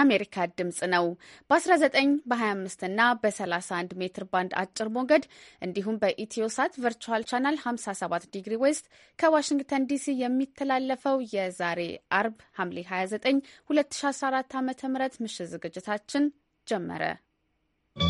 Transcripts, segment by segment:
የአሜሪካ ድምፅ ነው። በ19 በ25 እና በ31 ሜትር ባንድ አጭር ሞገድ እንዲሁም በኢትዮሳት ቨርቹዋል ቻናል 57 ዲግሪ ዌስት ከዋሽንግተን ዲሲ የሚተላለፈው የዛሬ አርብ ሐምሌ 29 2014 ዓ ም ምሽት ዝግጅታችን ጀመረ። ¶¶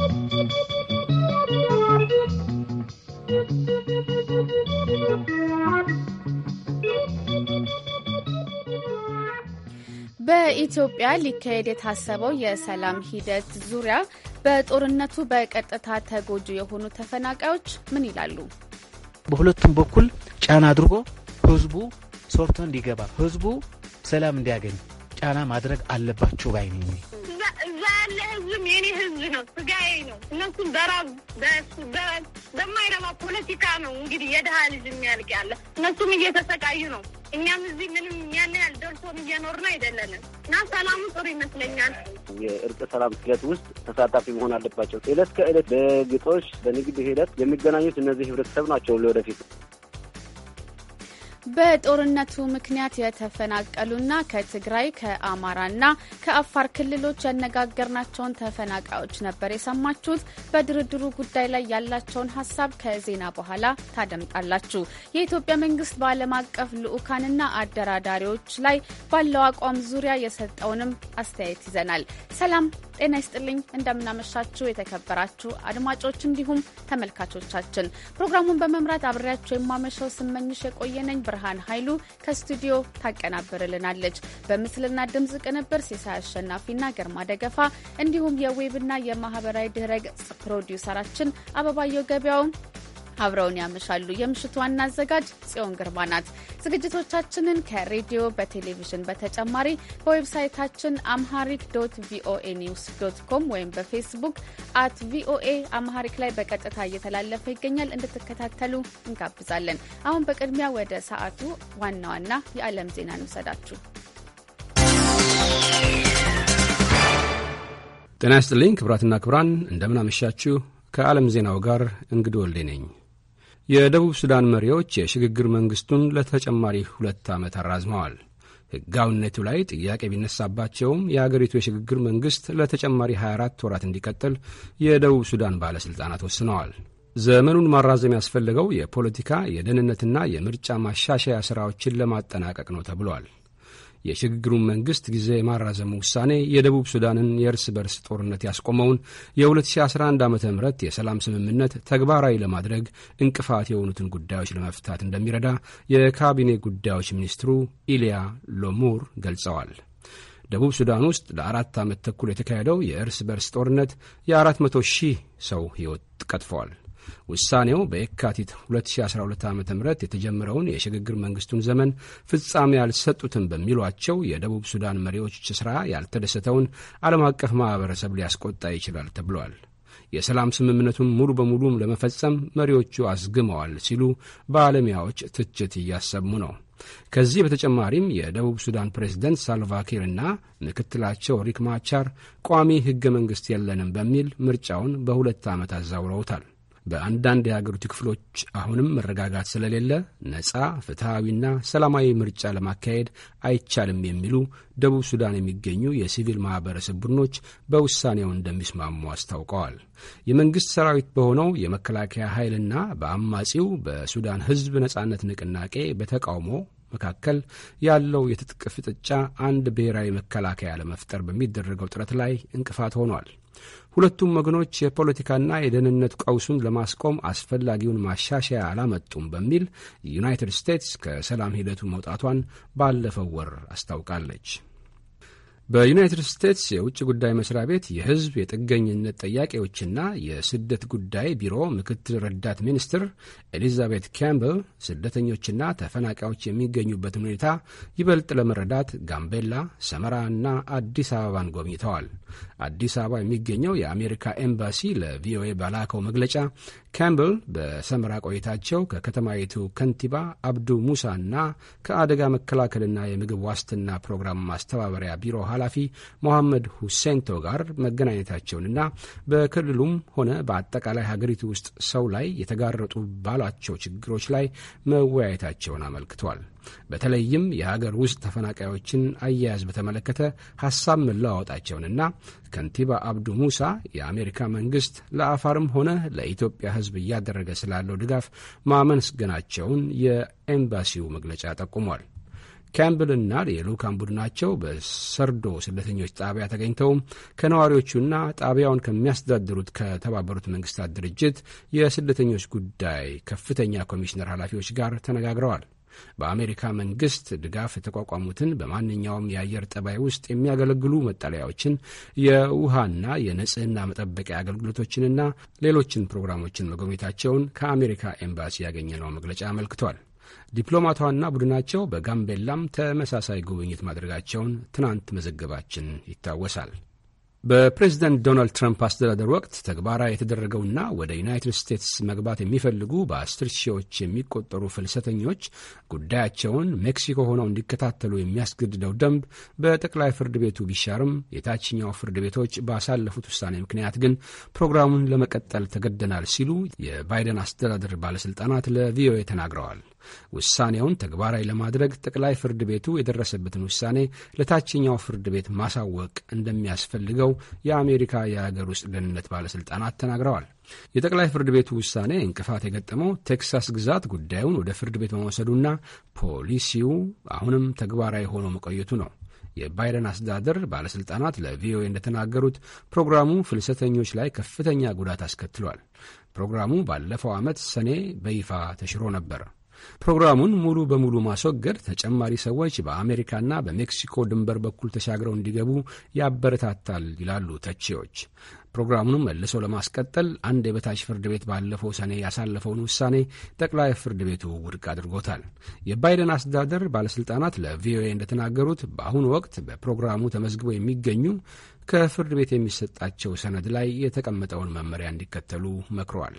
በኢትዮጵያ ሊካሄድ የታሰበው የሰላም ሂደት ዙሪያ በጦርነቱ በቀጥታ ተጎጂ የሆኑ ተፈናቃዮች ምን ይላሉ? በሁለቱም በኩል ጫና አድርጎ ህዝቡ ሰርቶ እንዲገባ ህዝቡ ሰላም እንዲያገኝ ጫና ማድረግ አለባችሁ ባይ ነኝ። እዛ ያለ ህዝብም የኔ ህዝብ ነው፣ ስጋዬ ነው። እነሱን በራብ በማይረባ ፖለቲካ ነው እንግዲህ የድሃ ልጅ የሚያልቅ ያለ እነሱም እየተሰቃዩ ነው። እኛም እዚህ ምንም ያን ያህል ደርሶን እየኖርን አይደለንም እና ሰላሙ ጥሩ ይመስለኛል። የእርቅ ሰላም ሂደት ውስጥ ተሳታፊ መሆን አለባቸው። እለት ከእለት በግጦሽ በንግድ ሂደት የሚገናኙት እነዚህ ህብረተሰብ ናቸው ለወደፊት በጦርነቱ ምክንያት የተፈናቀሉና ከትግራይ ከአማራና ከአፋር ክልሎች ያነጋገርናቸውን ተፈናቃዮች ነበር የሰማችሁት። በድርድሩ ጉዳይ ላይ ያላቸውን ሀሳብ ከዜና በኋላ ታደምጣላችሁ። የኢትዮጵያ መንግስት በዓለም አቀፍ ልዑካንና አደራዳሪዎች ላይ ባለው አቋም ዙሪያ የሰጠውንም አስተያየት ይዘናል። ሰላም ጤና ይስጥልኝ። እንደምናመሻችሁ የተከበራችሁ አድማጮች እንዲሁም ተመልካቾቻችን ፕሮግራሙን በመምራት አብሬያችሁ የማመሸው ስመኝሽ የቆየነኝ ብርሃን ኃይሉ ከስቱዲዮ ታቀናብርልናለች። በምስልና ድምፅ ቅንብር ሲሳይ አሸናፊና ግርማ ደገፋ እንዲሁም የዌብና የማህበራዊ ድረ ገጽ ፕሮዲውሰራችን አበባየው ገበያውም አብረውን ያመሻሉ። የምሽቱ ዋና አዘጋጅ ጽዮን ግርማ ናት። ዝግጅቶቻችንን ከሬዲዮ በቴሌቪዥን በተጨማሪ በዌብሳይታችን አምሃሪክ ዶት ቪኦኤ ኒውስ ዶት ኮም ወይም በፌስቡክ አት ቪኦኤ አምሃሪክ ላይ በቀጥታ እየተላለፈ ይገኛል። እንድትከታተሉ እንጋብዛለን። አሁን በቅድሚያ ወደ ሰዓቱ ዋና ዋና የዓለም ዜና እንውሰዳችሁ። ጤና ይስጥልኝ ክብራትና ክብራን፣ እንደምን አመሻችሁ። ከዓለም ዜናው ጋር እንግድ ወልዴ ነኝ። የደቡብ ሱዳን መሪዎች የሽግግር መንግስቱን ለተጨማሪ ሁለት ዓመት አራዝመዋል። ሕጋዊነቱ ላይ ጥያቄ ቢነሳባቸውም የአገሪቱ የሽግግር መንግሥት ለተጨማሪ 24 ወራት እንዲቀጥል የደቡብ ሱዳን ባለሥልጣናት ወስነዋል። ዘመኑን ማራዘም ያስፈለገው የፖለቲካ የደህንነትና የምርጫ ማሻሻያ ሥራዎችን ለማጠናቀቅ ነው ተብሏል። የሽግግሩን መንግሥት ጊዜ የማራዘሙ ውሳኔ የደቡብ ሱዳንን የእርስ በርስ ጦርነት ያስቆመውን የ2011 ዓ ም የሰላም ስምምነት ተግባራዊ ለማድረግ እንቅፋት የሆኑትን ጉዳዮች ለመፍታት እንደሚረዳ የካቢኔ ጉዳዮች ሚኒስትሩ ኢሊያ ሎሙር ገልጸዋል። ደቡብ ሱዳን ውስጥ ለአራት ዓመት ተኩል የተካሄደው የእርስ በርስ ጦርነት የ400 ሺህ ሰው ሕይወት ቀጥፈዋል። ውሳኔው በየካቲት 2012 ዓ ም የተጀመረውን የሽግግር መንግስቱን ዘመን ፍጻሜ ያልሰጡትም በሚሏቸው የደቡብ ሱዳን መሪዎች ስራ ያልተደሰተውን ዓለም አቀፍ ማኅበረሰብ ሊያስቆጣ ይችላል ተብሏል። የሰላም ስምምነቱን ሙሉ በሙሉ ለመፈጸም መሪዎቹ አስግመዋል ሲሉ ባለሙያዎች ትችት እያሰሙ ነው። ከዚህ በተጨማሪም የደቡብ ሱዳን ፕሬዝደንት ሳልቫኪር እና ምክትላቸው ሪክ ማቻር ቋሚ ሕገ መንግሥት የለንም በሚል ምርጫውን በሁለት ዓመት አዛውረውታል። በአንዳንድ የአገሪቱ ክፍሎች አሁንም መረጋጋት ስለሌለ ነጻ ፍትሐዊና ሰላማዊ ምርጫ ለማካሄድ አይቻልም የሚሉ ደቡብ ሱዳን የሚገኙ የሲቪል ማኅበረሰብ ቡድኖች በውሳኔው እንደሚስማሙ አስታውቀዋል። የመንግሥት ሰራዊት በሆነው የመከላከያ ኃይልና በአማጺው በሱዳን ሕዝብ ነጻነት ንቅናቄ በተቃውሞ መካከል ያለው የትጥቅ ፍጥጫ አንድ ብሔራዊ መከላከያ ለመፍጠር በሚደረገው ጥረት ላይ እንቅፋት ሆኗል። ሁለቱም ወገኖች የፖለቲካና የደህንነት ቀውሱን ለማስቆም አስፈላጊውን ማሻሻያ አላመጡም በሚል ዩናይትድ ስቴትስ ከሰላም ሂደቱ መውጣቷን ባለፈው ወር አስታውቃለች። በዩናይትድ ስቴትስ የውጭ ጉዳይ መስሪያ ቤት የህዝብ የጥገኝነት ጥያቄዎችና የስደት ጉዳይ ቢሮ ምክትል ረዳት ሚኒስትር ኤሊዛቤት ካምበል ስደተኞችና ተፈናቃዮች የሚገኙበትን ሁኔታ ይበልጥ ለመረዳት ጋምቤላ፣ ሰመራ እና አዲስ አበባን ጎብኝተዋል። አዲስ አበባ የሚገኘው የአሜሪካ ኤምባሲ ለቪኦኤ ባላከው መግለጫ ካምብል በሰመራ ቆይታቸው ከከተማይቱ ከንቲባ አብዱ ሙሳና ከአደጋ መከላከልና የምግብ ዋስትና ፕሮግራም ማስተባበሪያ ቢሮ ኃላፊ ሞሐመድ ሁሴንቶ ጋር መገናኘታቸውንና በክልሉም ሆነ በአጠቃላይ ሀገሪቱ ውስጥ ሰው ላይ የተጋረጡ ባሏቸው ችግሮች ላይ መወያየታቸውን አመልክቷል። በተለይም የሀገር ውስጥ ተፈናቃዮችን አያያዝ በተመለከተ ሐሳብ መለዋወጣቸውንና ከንቲባ አብዱ ሙሳ የአሜሪካ መንግሥት ለአፋርም ሆነ ለኢትዮጵያ ሕዝብ እያደረገ ስላለው ድጋፍ ማመስገናቸውን የኤምባሲው መግለጫ ጠቁሟል። ካምብልና የልዑካን ቡድናቸው በሰርዶ ስደተኞች ጣቢያ ተገኝተውም ከነዋሪዎቹና ጣቢያውን ከሚያስተዳድሩት ከተባበሩት መንግስታት ድርጅት የስደተኞች ጉዳይ ከፍተኛ ኮሚሽነር ኃላፊዎች ጋር ተነጋግረዋል። በአሜሪካ መንግስት ድጋፍ የተቋቋሙትን በማንኛውም የአየር ጠባይ ውስጥ የሚያገለግሉ መጠለያዎችን፣ የውሃና የንጽህና መጠበቂያ አገልግሎቶችንና ሌሎችን ፕሮግራሞችን መጎብኘታቸውን ከአሜሪካ ኤምባሲ ያገኘነው መግለጫ አመልክቷል። ዲፕሎማቷና ቡድናቸው በጋምቤላም ተመሳሳይ ጉብኝት ማድረጋቸውን ትናንት መዘገባችን ይታወሳል። በፕሬዚደንት ዶናልድ ትራምፕ አስተዳደር ወቅት ተግባራዊ የተደረገውና ወደ ዩናይትድ ስቴትስ መግባት የሚፈልጉ በአስር ሺዎች የሚቆጠሩ ፍልሰተኞች ጉዳያቸውን ሜክሲኮ ሆነው እንዲከታተሉ የሚያስገድደው ደንብ በጠቅላይ ፍርድ ቤቱ ቢሻርም የታችኛው ፍርድ ቤቶች ባሳለፉት ውሳኔ ምክንያት ግን ፕሮግራሙን ለመቀጠል ተገደናል ሲሉ የባይደን አስተዳደር ባለሥልጣናት ለቪኦኤ ተናግረዋል። ውሳኔውን ተግባራዊ ለማድረግ ጠቅላይ ፍርድ ቤቱ የደረሰበትን ውሳኔ ለታችኛው ፍርድ ቤት ማሳወቅ እንደሚያስፈልገው የአሜሪካ የአገር ውስጥ ደህንነት ባለሥልጣናት ተናግረዋል። የጠቅላይ ፍርድ ቤቱ ውሳኔ እንቅፋት የገጠመው ቴክሳስ ግዛት ጉዳዩን ወደ ፍርድ ቤት በመውሰዱና ፖሊሲው አሁንም ተግባራዊ ሆኖ መቆየቱ ነው። የባይደን አስተዳደር ባለሥልጣናት ለቪኦኤ እንደተናገሩት ፕሮግራሙ ፍልሰተኞች ላይ ከፍተኛ ጉዳት አስከትሏል። ፕሮግራሙ ባለፈው ዓመት ሰኔ በይፋ ተሽሮ ነበር። ፕሮግራሙን ሙሉ በሙሉ ማስወገድ ተጨማሪ ሰዎች በአሜሪካና በሜክሲኮ ድንበር በኩል ተሻግረው እንዲገቡ ያበረታታል ይላሉ ተቺዎች። ፕሮግራሙን መልሶ ለማስቀጠል አንድ የበታች ፍርድ ቤት ባለፈው ሰኔ ያሳለፈውን ውሳኔ ጠቅላይ ፍርድ ቤቱ ውድቅ አድርጎታል። የባይደን አስተዳደር ባለሥልጣናት ለቪኦኤ እንደተናገሩት በአሁኑ ወቅት በፕሮግራሙ ተመዝግበው የሚገኙ ከፍርድ ቤት የሚሰጣቸው ሰነድ ላይ የተቀመጠውን መመሪያ እንዲከተሉ መክረዋል።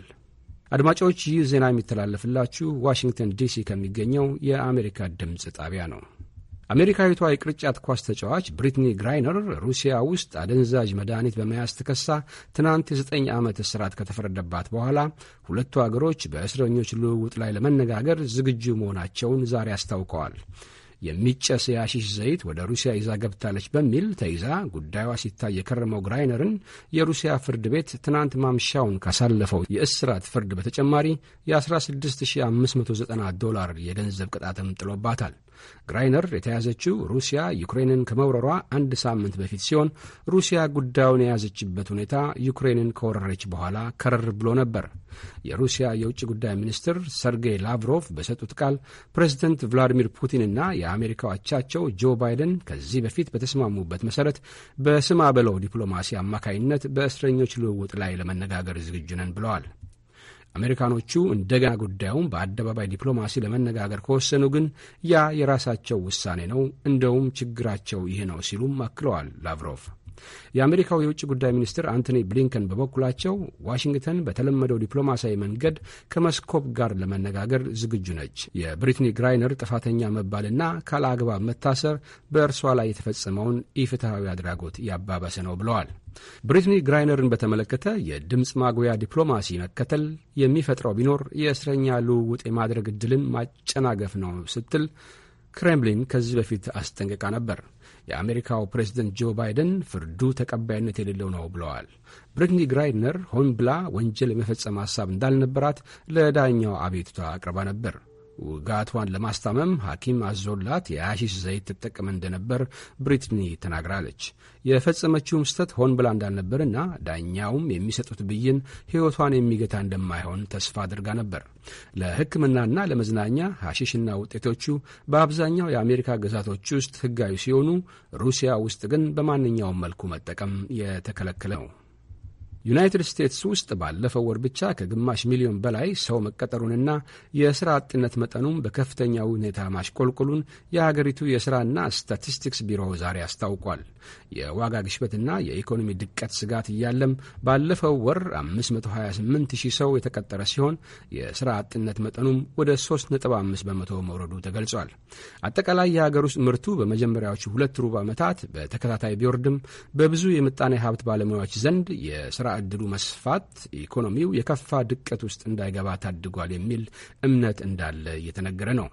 አድማጮች ይህ ዜና የሚተላለፍላችሁ ዋሽንግተን ዲሲ ከሚገኘው የአሜሪካ ድምፅ ጣቢያ ነው። አሜሪካዊቷ የቅርጫት ኳስ ተጫዋች ብሪትኒ ግራይነር ሩሲያ ውስጥ አደንዛዥ መድኃኒት በመያዝ ተከሳ ትናንት የዘጠኝ ዓመት እስራት ከተፈረደባት በኋላ ሁለቱ አገሮች በእስረኞች ልውውጥ ላይ ለመነጋገር ዝግጁ መሆናቸውን ዛሬ አስታውቀዋል። የሚጨስ የአሺሽ ዘይት ወደ ሩሲያ ይዛ ገብታለች በሚል ተይዛ ጉዳዩዋ ሲታይ የከረመው ግራይነርን የሩሲያ ፍርድ ቤት ትናንት ማምሻውን ካሳለፈው የእስራት ፍርድ በተጨማሪ የ16590 ዶላር የገንዘብ ቅጣትም ጥሎባታል። ግራይነር የተያዘችው ሩሲያ ዩክሬንን ከመውረሯ አንድ ሳምንት በፊት ሲሆን ሩሲያ ጉዳዩን የያዘችበት ሁኔታ ዩክሬንን ከወረረች በኋላ ከረር ብሎ ነበር። የሩሲያ የውጭ ጉዳይ ሚኒስትር ሰርጌይ ላቭሮቭ በሰጡት ቃል ፕሬዝደንት ቭላዲሚር ፑቲንና የአሜሪካው አቻቸው ጆ ባይደን ከዚህ በፊት በተስማሙበት መሰረት በስማ በለው ዲፕሎማሲ አማካይነት በእስረኞች ልውውጥ ላይ ለመነጋገር ዝግጁ ነን ብለዋል። አሜሪካኖቹ እንደገና ጉዳዩን በአደባባይ ዲፕሎማሲ ለመነጋገር ከወሰኑ ግን ያ የራሳቸው ውሳኔ ነው፣ እንደውም ችግራቸው ይህ ነው ሲሉም አክለዋል ላቭሮቭ። የአሜሪካው የውጭ ጉዳይ ሚኒስትር አንቶኒ ብሊንከን በበኩላቸው ዋሽንግተን በተለመደው ዲፕሎማሲያዊ መንገድ ከመስኮብ ጋር ለመነጋገር ዝግጁ ነች። የብሪትኒ ግራይነር ጥፋተኛ መባልና ካለአግባብ መታሰር በእርሷ ላይ የተፈጸመውን ኢፍትሐዊ አድራጎት ያባባሰ ነው ብለዋል። ብሪትኒ ግራይነርን በተመለከተ የድምፅ ማጉያ ዲፕሎማሲ መከተል የሚፈጥረው ቢኖር የእስረኛ ልውውጥ የማድረግ እድልን ማጨናገፍ ነው ስትል ክሬምሊን ከዚህ በፊት አስጠንቅቃ ነበር። የአሜሪካው ፕሬዝደንት ጆ ባይደን ፍርዱ ተቀባይነት የሌለው ነው ብለዋል። ብሪትኒ ግራይነር ሆን ብላ ወንጀል የመፈጸም ሀሳብ እንዳልነበራት ለዳኛው አቤቱታ አቅርባ ነበር። ውጋቷን ለማስታመም ሐኪም አዞላት የሐሺሽ ዘይት ትጠቀም እንደነበር ብሪትኒ ተናግራለች። የፈጸመችውም ስህተት ሆን ብላ እንዳልነበርና ዳኛውም የሚሰጡት ብይን ሕይወቷን የሚገታ እንደማይሆን ተስፋ አድርጋ ነበር። ለሕክምናና ለመዝናኛ ሐሺሽና ውጤቶቹ በአብዛኛው የአሜሪካ ግዛቶች ውስጥ ሕጋዊ ሲሆኑ ሩሲያ ውስጥ ግን በማንኛውም መልኩ መጠቀም የተከለከለ ነው። ዩናይትድ ስቴትስ ውስጥ ባለፈው ወር ብቻ ከግማሽ ሚሊዮን በላይ ሰው መቀጠሩንና የሥራ አጥነት መጠኑም በከፍተኛ ሁኔታ ማሽቆልቆሉን የአገሪቱ የሥራና ስታቲስቲክስ ቢሮ ዛሬ አስታውቋል። የዋጋ ግሽበትና የኢኮኖሚ ድቀት ስጋት እያለም ባለፈው ወር 528 ሺህ ሰው የተቀጠረ ሲሆን የሥራ አጥነት መጠኑም ወደ 3.5 በመቶ መውረዱ ተገልጿል። አጠቃላይ የሀገር ውስጥ ምርቱ በመጀመሪያዎቹ ሁለት ሩብ ዓመታት በተከታታይ ቢወርድም በብዙ የምጣኔ ሀብት ባለሙያዎች ዘንድ የሥራ ዕድሉ መስፋት ኢኮኖሚው የከፋ ድቀት ውስጥ እንዳይገባ ታድጓል የሚል እምነት እንዳለ እየተነገረ ነው።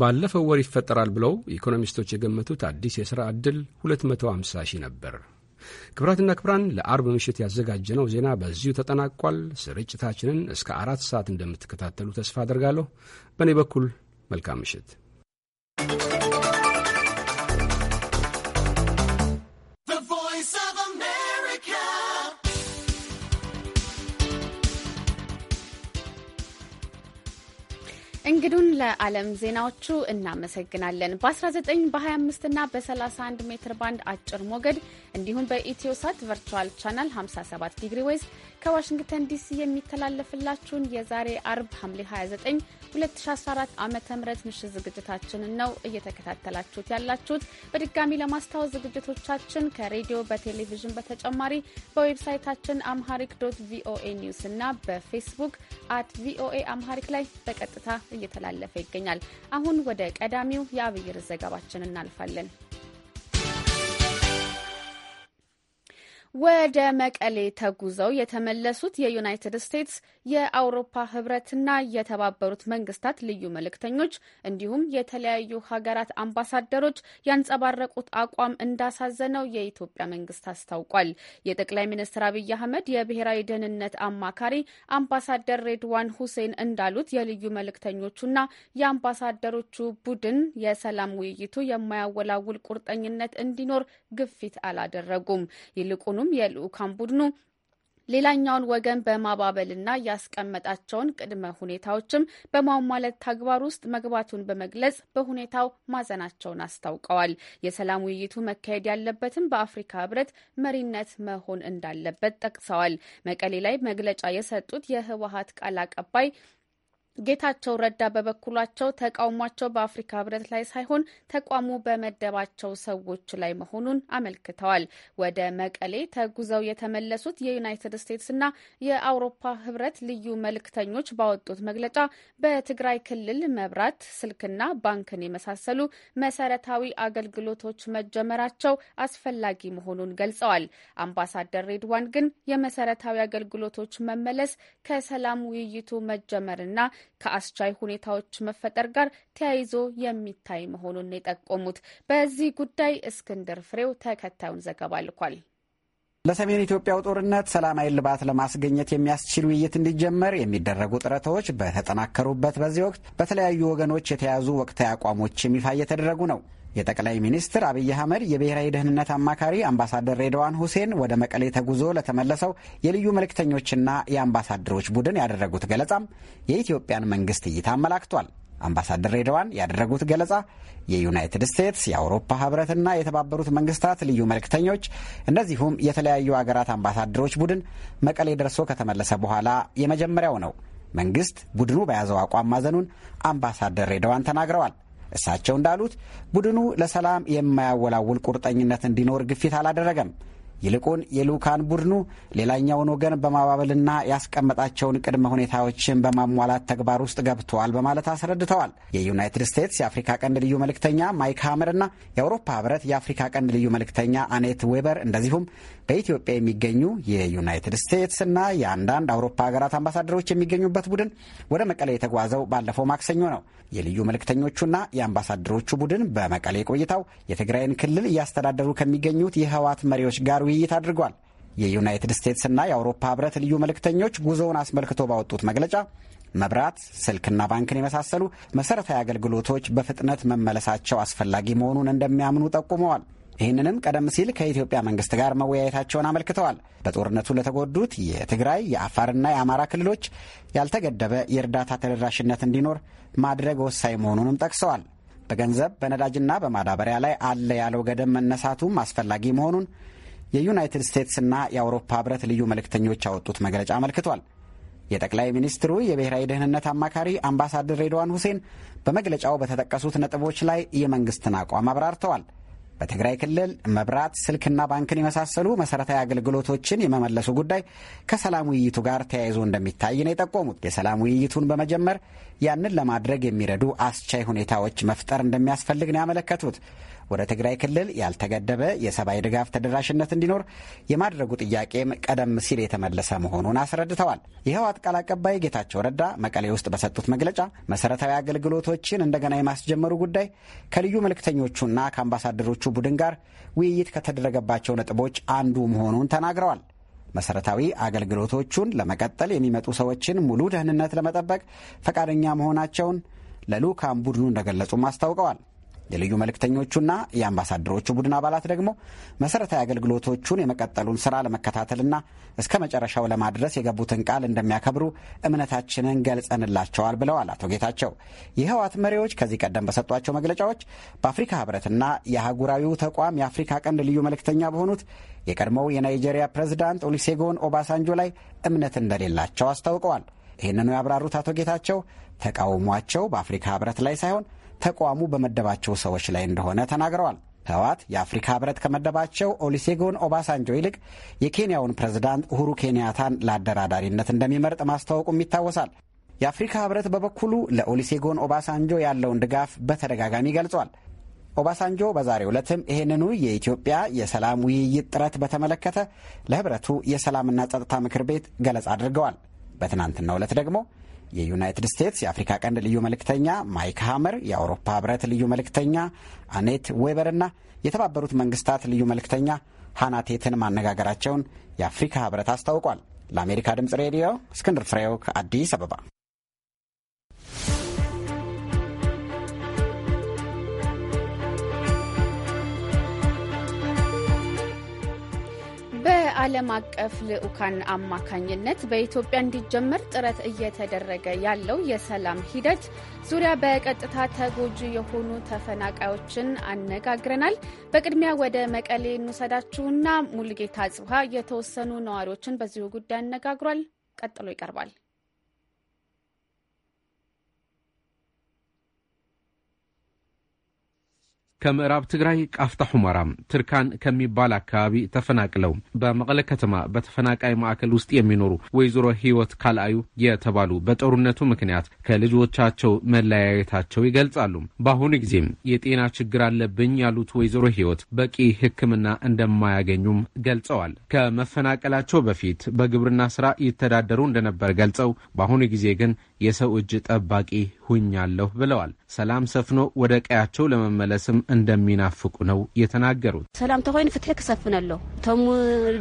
ባለፈው ወር ይፈጠራል ብለው ኢኮኖሚስቶች የገመቱት አዲስ የሥራ ዕድል 250 ሺህ ነበር። ክብራትና ክብራን ለአርብ ምሽት ያዘጋጀነው ዜና በዚሁ ተጠናቋል። ስርጭታችንን እስከ አራት ሰዓት እንደምትከታተሉ ተስፋ አድርጋለሁ። በእኔ በኩል መልካም ምሽት። እንግዱን ለዓለም ዜናዎቹ እናመሰግናለን። በ19 በ25 እና በ31 ሜትር ባንድ አጭር ሞገድ እንዲሁም በኢትዮሳት ቨርቹዋል ቻናል 57 ዲግሪ ዌስት ከዋሽንግተን ዲሲ የሚተላለፍላችሁን የዛሬ አርብ ሐምሌ 29 2014 ዓ ም ምሽት ዝግጅታችንን ነው እየተከታተላችሁት ያላችሁት። በድጋሚ ለማስታወስ ዝግጅቶቻችን ከሬዲዮ በቴሌቪዥን በተጨማሪ በዌብሳይታችን አምሃሪክ ዶት ቪኦኤ ኒውስ እና በፌስቡክ አት ቪኦኤ አምሃሪክ ላይ በቀጥታ እየተላለፈ ይገኛል። አሁን ወደ ቀዳሚው የአብይር ዘገባችን እናልፋለን። ወደ መቀሌ ተጉዘው የተመለሱት የዩናይትድ ስቴትስ የአውሮፓ ህብረትና የተባበሩት መንግስታት ልዩ መልእክተኞች እንዲሁም የተለያዩ ሀገራት አምባሳደሮች ያንጸባረቁት አቋም እንዳሳዘነው የኢትዮጵያ መንግስት አስታውቋል። የጠቅላይ ሚኒስትር አብይ አህመድ የብሔራዊ ደህንነት አማካሪ አምባሳደር ሬድዋን ሁሴን እንዳሉት የልዩ መልእክተኞቹና የአምባሳደሮቹ ቡድን የሰላም ውይይቱ የማያወላውል ቁርጠኝነት እንዲኖር ግፊት አላደረጉም። ይልቁኑ መሆኑም የልዑካን ቡድኑ ሌላኛውን ወገን በማባበልና ያስቀመጣቸውን ቅድመ ሁኔታዎችም በማሟለት ተግባር ውስጥ መግባቱን በመግለጽ በሁኔታው ማዘናቸውን አስታውቀዋል። የሰላም ውይይቱ መካሄድ ያለበትም በአፍሪካ ሕብረት መሪነት መሆን እንዳለበት ጠቅሰዋል። መቀሌ ላይ መግለጫ የሰጡት የህወሀት ቃል አቀባይ ጌታቸው ረዳ በበኩላቸው ተቃውሟቸው በአፍሪካ ህብረት ላይ ሳይሆን ተቋሙ በመደባቸው ሰዎች ላይ መሆኑን አመልክተዋል። ወደ መቀሌ ተጉዘው የተመለሱት የዩናይትድ ስቴትስና የአውሮፓ ህብረት ልዩ መልእክተኞች ባወጡት መግለጫ በትግራይ ክልል መብራት፣ ስልክና ባንክን የመሳሰሉ መሰረታዊ አገልግሎቶች መጀመራቸው አስፈላጊ መሆኑን ገልጸዋል። አምባሳደር ሬድዋን ግን የመሰረታዊ አገልግሎቶች መመለስ ከሰላም ውይይቱ መጀመርና ከአስቻይ ሁኔታዎች መፈጠር ጋር ተያይዞ የሚታይ መሆኑን የጠቆሙት በዚህ ጉዳይ እስክንድር ፍሬው ተከታዩን ዘገባ ልኳል። ለሰሜን ኢትዮጵያው ጦርነት ሰላማዊ ልባት ለማስገኘት የሚያስችል ውይይት እንዲጀመር የሚደረጉ ጥረቶች በተጠናከሩበት በዚህ ወቅት በተለያዩ ወገኖች የተያዙ ወቅታዊ አቋሞችም ይፋ እየተደረጉ ነው። የጠቅላይ ሚኒስትር አብይ አህመድ የብሔራዊ ደህንነት አማካሪ አምባሳደር ሬድዋን ሁሴን ወደ መቀሌ ተጉዞ ለተመለሰው የልዩ መልእክተኞችና የአምባሳደሮች ቡድን ያደረጉት ገለጻም የኢትዮጵያን መንግስት እይታ አመላክቷል። አምባሳደር ሬድዋን ያደረጉት ገለጻ የዩናይትድ ስቴትስ የአውሮፓ ህብረትና የተባበሩት መንግስታት ልዩ መልእክተኞች እንደዚሁም የተለያዩ አገራት አምባሳደሮች ቡድን መቀሌ ደርሶ ከተመለሰ በኋላ የመጀመሪያው ነው። መንግስት ቡድኑ በያዘው አቋም ማዘኑን አምባሳደር ሬድዋን ተናግረዋል። እሳቸው እንዳሉት ቡድኑ ለሰላም የማያወላውል ቁርጠኝነት እንዲኖር ግፊት አላደረገም። ይልቁን የልዑካን ቡድኑ ሌላኛውን ወገን በማባበልና ያስቀመጣቸውን ቅድመ ሁኔታዎችን በማሟላት ተግባር ውስጥ ገብተዋል በማለት አስረድተዋል። የዩናይትድ ስቴትስ የአፍሪካ ቀንድ ልዩ መልእክተኛ ማይክ ሀመርና የአውሮፓ ሕብረት የአፍሪካ ቀንድ ልዩ መልእክተኛ አኔት ዌበር እንደዚሁም በኢትዮጵያ የሚገኙ የዩናይትድ እና የአንዳንድ አውሮፓ ሀገራት አምባሳደሮች የሚገኙበት ቡድን ወደ መቀሌ የተጓዘው ባለፈው ማክሰኞ ነው። የልዩ መልእክተኞቹና የአምባሳደሮቹ ቡድን በመቀሌ ቆይታው የትግራይን ክልል እያስተዳደሩ ከሚገኙት የህወሓት መሪዎች ጋር ውይይት አድርጓል። የዩናይትድ ስቴትስና የአውሮፓ ህብረት ልዩ መልእክተኞች ጉዞውን አስመልክቶ ባወጡት መግለጫ መብራት፣ ስልክና ባንክን የመሳሰሉ መሠረታዊ አገልግሎቶች በፍጥነት መመለሳቸው አስፈላጊ መሆኑን እንደሚያምኑ ጠቁመዋል። ይህንንም ቀደም ሲል ከኢትዮጵያ መንግስት ጋር መወያየታቸውን አመልክተዋል። በጦርነቱ ለተጎዱት የትግራይ የአፋርና የአማራ ክልሎች ያልተገደበ የእርዳታ ተደራሽነት እንዲኖር ማድረግ ወሳኝ መሆኑንም ጠቅሰዋል። በገንዘብ በነዳጅና በማዳበሪያ ላይ አለ ያለው ገደብ መነሳቱም አስፈላጊ መሆኑን የዩናይትድ ስቴትስና የአውሮፓ ህብረት ልዩ መልእክተኞች ያወጡት መግለጫ አመልክቷል። የጠቅላይ ሚኒስትሩ የብሔራዊ ደህንነት አማካሪ አምባሳደር ሬድዋን ሁሴን በመግለጫው በተጠቀሱት ነጥቦች ላይ የመንግስትን አቋም አብራርተዋል። በትግራይ ክልል መብራት፣ ስልክና ባንክን የመሳሰሉ መሰረታዊ አገልግሎቶችን የመመለሱ ጉዳይ ከሰላም ውይይቱ ጋር ተያይዞ እንደሚታይ ነው የጠቆሙት። የሰላም ውይይቱን በመጀመር ያንን ለማድረግ የሚረዱ አስቻይ ሁኔታዎች መፍጠር እንደሚያስፈልግ ነው ያመለከቱት። ወደ ትግራይ ክልል ያልተገደበ የሰብአዊ ድጋፍ ተደራሽነት እንዲኖር የማድረጉ ጥያቄም ቀደም ሲል የተመለሰ መሆኑን አስረድተዋል። የህወሓት ቃል አቀባይ ጌታቸው ረዳ መቀሌ ውስጥ በሰጡት መግለጫ መሰረታዊ አገልግሎቶችን እንደገና የማስጀመሩ ጉዳይ ከልዩ መልክተኞቹና ከአምባሳደሮቹ ቡድን ጋር ውይይት ከተደረገባቸው ነጥቦች አንዱ መሆኑን ተናግረዋል። መሰረታዊ አገልግሎቶቹን ለመቀጠል የሚመጡ ሰዎችን ሙሉ ደህንነት ለመጠበቅ ፈቃደኛ መሆናቸውን ለልዑካን ቡድኑ እንደገለጹም አስታውቀዋል። የልዩ መልእክተኞቹና የአምባሳደሮቹ ቡድን አባላት ደግሞ መሰረታዊ አገልግሎቶቹን የመቀጠሉን ስራ ለመከታተልና እስከ መጨረሻው ለማድረስ የገቡትን ቃል እንደሚያከብሩ እምነታችንን ገልጸንላቸዋል ብለዋል አቶ ጌታቸው። የህወሓት መሪዎች ከዚህ ቀደም በሰጧቸው መግለጫዎች በአፍሪካ ህብረትና የአህጉራዊው ተቋም የአፍሪካ ቀንድ ልዩ መልእክተኛ በሆኑት የቀድሞው የናይጄሪያ ፕሬዝዳንት ኦሊሴጎን ኦባሳንጆ ላይ እምነት እንደሌላቸው አስታውቀዋል። ይህንኑ ያብራሩት አቶ ጌታቸው ተቃውሟቸው በአፍሪካ ህብረት ላይ ሳይሆን ተቋሙ በመደባቸው ሰዎች ላይ እንደሆነ ተናግረዋል። ህወሓት የአፍሪካ ህብረት ከመደባቸው ኦሊሴጎን ኦባሳንጆ ይልቅ የኬንያውን ፕሬዝዳንት ኡሁሩ ኬንያታን ለአደራዳሪነት እንደሚመርጥ ማስታወቁም ይታወሳል። የአፍሪካ ህብረት በበኩሉ ለኦሊሴጎን ኦባሳንጆ ያለውን ድጋፍ በተደጋጋሚ ገልጿል። ኦባሳንጆ በዛሬው ዕለትም ይህንኑ የኢትዮጵያ የሰላም ውይይት ጥረት በተመለከተ ለህብረቱ የሰላምና ጸጥታ ምክር ቤት ገለጻ አድርገዋል። በትናንትናው ዕለት ደግሞ የዩናይትድ ስቴትስ የአፍሪካ ቀንድ ልዩ መልእክተኛ ማይክ ሃመር፣ የአውሮፓ ህብረት ልዩ መልእክተኛ አኔት እና የተባበሩት መንግስታት ልዩ መልእክተኛ ሃናቴትን ማነጋገራቸውን የአፍሪካ ህብረት አስታውቋል። ለአሜሪካ ድምጽ ሬዲዮ እስክንድር ፍሬው ከአዲስ አበባ በዓለም አቀፍ ልዑካን አማካኝነት በኢትዮጵያ እንዲጀመር ጥረት እየተደረገ ያለው የሰላም ሂደት ዙሪያ በቀጥታ ተጎጂ የሆኑ ተፈናቃዮችን አነጋግረናል። በቅድሚያ ወደ መቀሌ እንውሰዳችሁና ሙልጌታ ጽሀ የተወሰኑ ነዋሪዎችን በዚሁ ጉዳይ አነጋግሯል። ቀጥሎ ይቀርባል። ከምዕራብ ትግራይ ቃፍታ ሑመራ ትርካን ከሚባል አካባቢ ተፈናቅለው በመቀለ ከተማ በተፈናቃይ ማዕከል ውስጥ የሚኖሩ ወይዘሮ ህይወት ካልአዩ የተባሉ በጦርነቱ ምክንያት ከልጆቻቸው መለያየታቸው ይገልጻሉ። በአሁኑ ጊዜም የጤና ችግር አለብኝ ያሉት ወይዘሮ ህይወት በቂ ሕክምና እንደማያገኙም ገልጸዋል። ከመፈናቀላቸው በፊት በግብርና ስራ ይተዳደሩ እንደነበር ገልጸው በአሁኑ ጊዜ ግን የሰው እጅ ጠባቂ ሁኛለሁ ብለዋል። ሰላም ሰፍኖ ወደ ቀያቸው ለመመለስም እንደሚናፍቁ ነው የተናገሩት። ሰላም ተኮይን ፍትሒ ክሰፍነሎ እቶም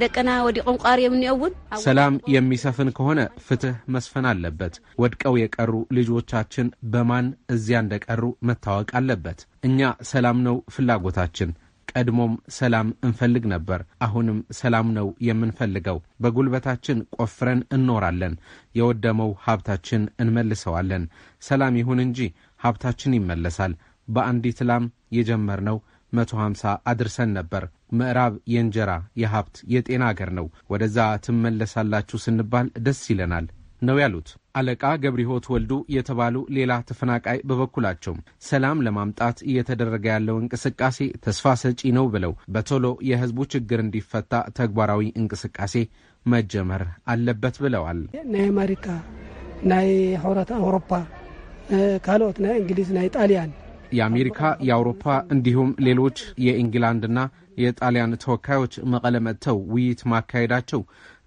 ደቀና ወዲ ቆንቋር የምንየውን ሰላም የሚሰፍን ከሆነ ፍትህ መስፈን አለበት። ወድቀው የቀሩ ልጆቻችን በማን እዚያ እንደቀሩ መታወቅ አለበት። እኛ ሰላም ነው ፍላጎታችን ቀድሞም ሰላም እንፈልግ ነበር። አሁንም ሰላም ነው የምንፈልገው። በጉልበታችን ቆፍረን እንኖራለን። የወደመው ሀብታችን እንመልሰዋለን። ሰላም ይሁን እንጂ ሀብታችን ይመለሳል። በአንዲት ላም የጀመርነው መቶ ሀምሳ አድርሰን ነበር። ምዕራብ የእንጀራ የሀብት የጤና አገር ነው። ወደዛ ትመለሳላችሁ ስንባል ደስ ይለናል። ነው ያሉት። አለቃ ገብረሕይወት ወልዱ የተባሉ ሌላ ተፈናቃይ በበኩላቸው ሰላም ለማምጣት እየተደረገ ያለው እንቅስቃሴ ተስፋ ሰጪ ነው ብለው በቶሎ የህዝቡ ችግር እንዲፈታ ተግባራዊ እንቅስቃሴ መጀመር አለበት ብለዋል። ናይ አሜሪካ ናይ ሕብረት አውሮፓ ካልኦት ናይ እንግሊዝ ናይ ጣሊያን የአሜሪካ የአውሮፓ እንዲሁም ሌሎች የኢንግላንድና የጣሊያን ተወካዮች መቀለ መጥተው ውይይት ማካሄዳቸው